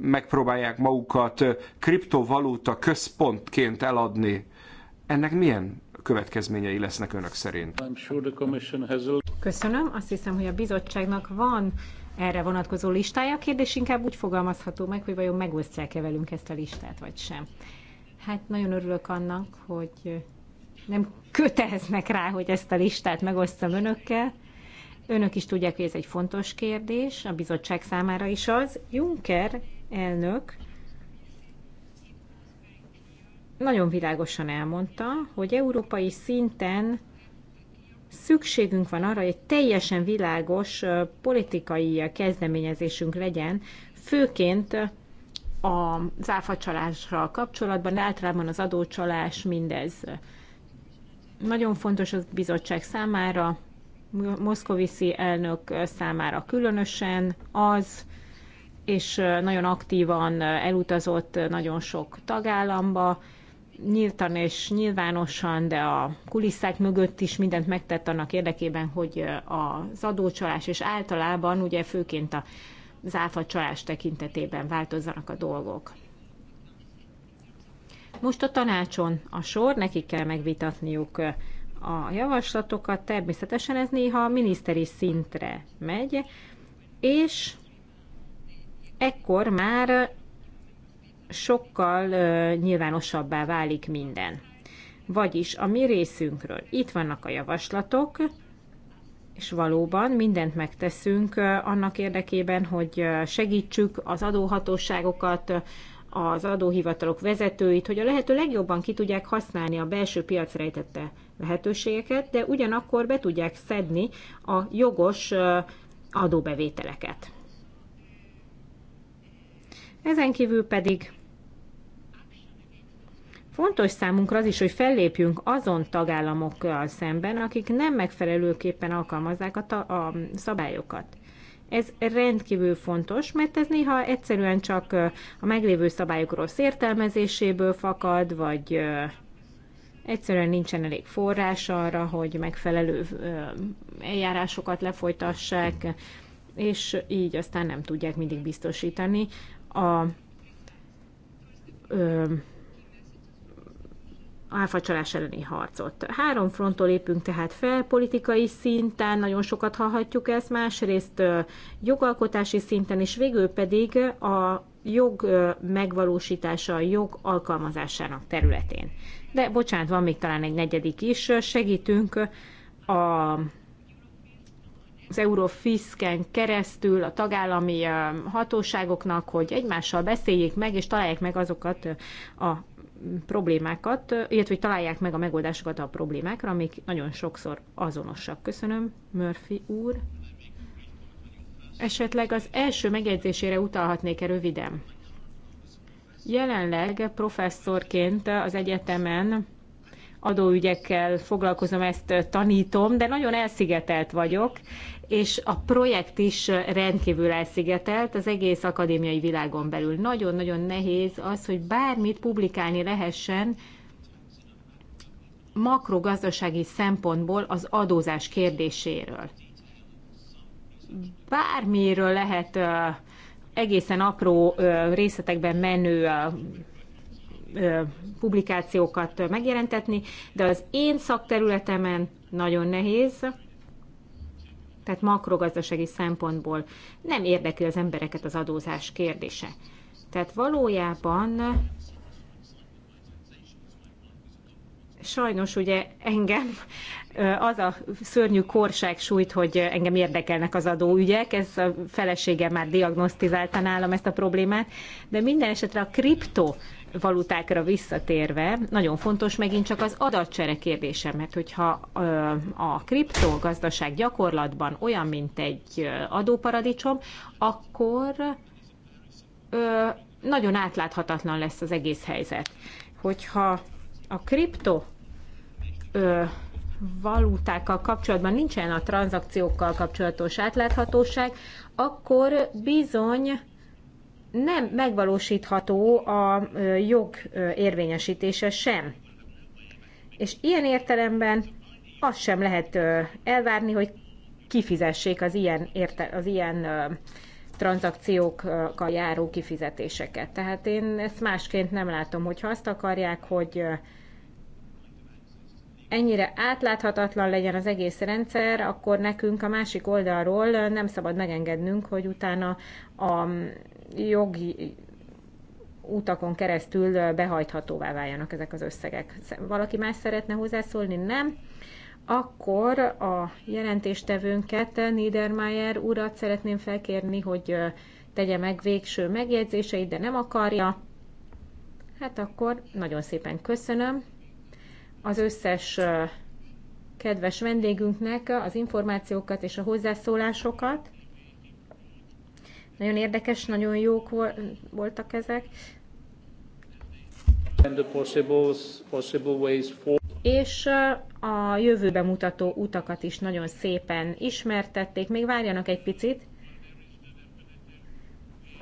megpróbálják magukat kriptovaluta központként eladni. Ennek milyen következményei lesznek önök szerint? Köszönöm. Azt hiszem, hogy a bizottságnak van erre vonatkozó listája. A kérdés inkább úgy fogalmazható meg, hogy vajon megosztják-e velünk ezt a listát, vagy sem. Hát nagyon örülök annak, hogy nem köteleznek rá, hogy ezt a listát megosztam önökkel. Önök is tudják, hogy ez egy fontos kérdés, a bizottság számára is az. Juncker elnök nagyon világosan elmondta, hogy európai szinten szükségünk van arra, hogy egy teljesen világos politikai kezdeményezésünk legyen, főként az áfacsalással kapcsolatban, általában az adócsalás, mindez nagyon fontos az bizottság számára, Moszkoviszi elnök számára különösen az, és nagyon aktívan elutazott nagyon sok tagállamba, nyíltan és nyilvánosan, de a kulisszák mögött is mindent megtett annak érdekében, hogy az adócsalás és általában ugye főként a az áfa csalás tekintetében változzanak a dolgok. Most a tanácson a sor, nekik kell megvitatniuk a javaslatokat, természetesen ez néha miniszteri szintre megy, és ekkor már sokkal nyilvánosabbá válik minden. Vagyis a mi részünkről itt vannak a javaslatok, és valóban mindent megteszünk annak érdekében, hogy segítsük az adóhatóságokat, az adóhivatalok vezetőit, hogy a lehető legjobban ki tudják használni a belső piac rejtette lehetőségeket, de ugyanakkor be tudják szedni a jogos adóbevételeket. Ezen kívül pedig Fontos számunkra az is, hogy fellépjünk azon tagállamokkal szemben, akik nem megfelelőképpen alkalmazzák a, a szabályokat. Ez rendkívül fontos, mert ez néha egyszerűen csak a meglévő szabályok rossz értelmezéséből fakad, vagy egyszerűen nincsen elég forrás arra, hogy megfelelő eljárásokat lefolytassák, és így aztán nem tudják mindig biztosítani a ö, áfacsalás elleni harcot. Három fronton lépünk tehát fel, politikai szinten, nagyon sokat hallhatjuk ezt, másrészt jogalkotási szinten, és végül pedig a jog megvalósítása, a jog alkalmazásának területén. De bocsánat, van még talán egy negyedik is, segítünk a az Eurofisken keresztül a tagállami hatóságoknak, hogy egymással beszéljék meg, és találják meg azokat a problémákat, illetve hogy találják meg a megoldásokat a problémákra, amik nagyon sokszor azonosak. Köszönöm, Murphy úr. Esetleg az első megjegyzésére utalhatnék-e röviden? Jelenleg professzorként az egyetemen adóügyekkel foglalkozom, ezt tanítom, de nagyon elszigetelt vagyok, és a projekt is rendkívül elszigetelt az egész akadémiai világon belül. Nagyon-nagyon nehéz az, hogy bármit publikálni lehessen makrogazdasági szempontból az adózás kérdéséről. Bármiről lehet egészen apró részletekben menő publikációkat megjelentetni, de az én szakterületemen nagyon nehéz, tehát makrogazdasági szempontból nem érdekli az embereket az adózás kérdése. Tehát valójában sajnos ugye engem az a szörnyű korság sújt, hogy engem érdekelnek az adóügyek, ez a feleségem már diagnosztizálta nálam ezt a problémát, de minden esetre a kripto valutákra visszatérve, nagyon fontos megint csak az adatcsere kérdése, mert hogyha a kriptogazdaság gyakorlatban olyan, mint egy adóparadicsom, akkor nagyon átláthatatlan lesz az egész helyzet. Hogyha a kripto valutákkal kapcsolatban nincsen a tranzakciókkal kapcsolatos átláthatóság, akkor bizony nem megvalósítható a jog érvényesítése sem. És ilyen értelemben azt sem lehet elvárni, hogy kifizessék az ilyen, érte, az ilyen tranzakciókkal járó kifizetéseket. Tehát én ezt másként nem látom, hogyha azt akarják, hogy ennyire átláthatatlan legyen az egész rendszer, akkor nekünk a másik oldalról nem szabad megengednünk, hogy utána a jogi utakon keresztül behajthatóvá váljanak ezek az összegek. Valaki más szeretne hozzászólni? Nem. Akkor a jelentéstevőnket, Niedermayer urat szeretném felkérni, hogy tegye meg végső megjegyzéseit, de nem akarja. Hát akkor nagyon szépen köszönöm az összes kedves vendégünknek az információkat és a hozzászólásokat. Nagyon érdekes, nagyon jók voltak ezek. Possible, possible for... És uh, a jövőbe mutató utakat is nagyon szépen ismertették. Még várjanak egy picit.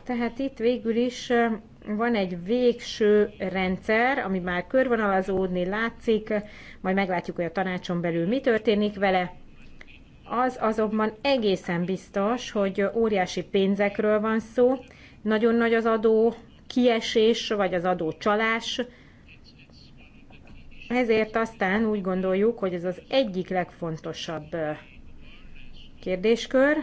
Tehát itt végül is uh, van egy végső rendszer, ami már körvonalazódni látszik, majd meglátjuk, hogy a tanácson belül mi történik vele. Az azonban egészen biztos, hogy óriási pénzekről van szó, nagyon nagy az adó kiesés, vagy az adó csalás, ezért aztán úgy gondoljuk, hogy ez az egyik legfontosabb kérdéskör,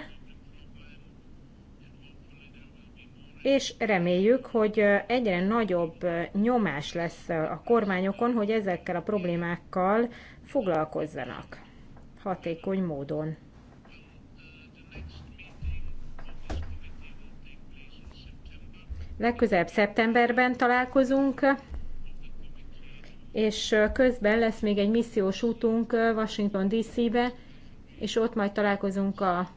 és reméljük, hogy egyre nagyobb nyomás lesz a kormányokon, hogy ezekkel a problémákkal foglalkozzanak hatékony módon. Legközelebb szeptemberben találkozunk, és közben lesz még egy missziós útunk Washington DC-be, és ott majd találkozunk a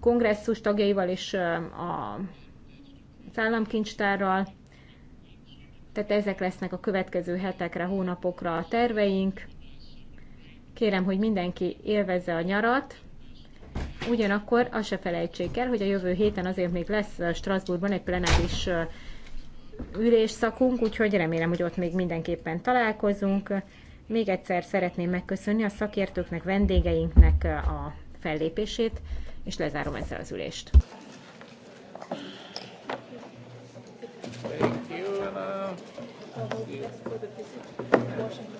kongresszus tagjaival és a államkincstárral. Tehát ezek lesznek a következő hetekre, hónapokra a terveink. Kérem, hogy mindenki élvezze a nyarat, ugyanakkor azt se felejtsék el, hogy a jövő héten azért még lesz uh, Strasbourgban egy plenáris uh, ülésszakunk, úgyhogy remélem, hogy ott még mindenképpen találkozunk. Még egyszer szeretném megköszönni a szakértőknek, vendégeinknek uh, a fellépését, és lezárom ezzel az ülést. Thank you, you.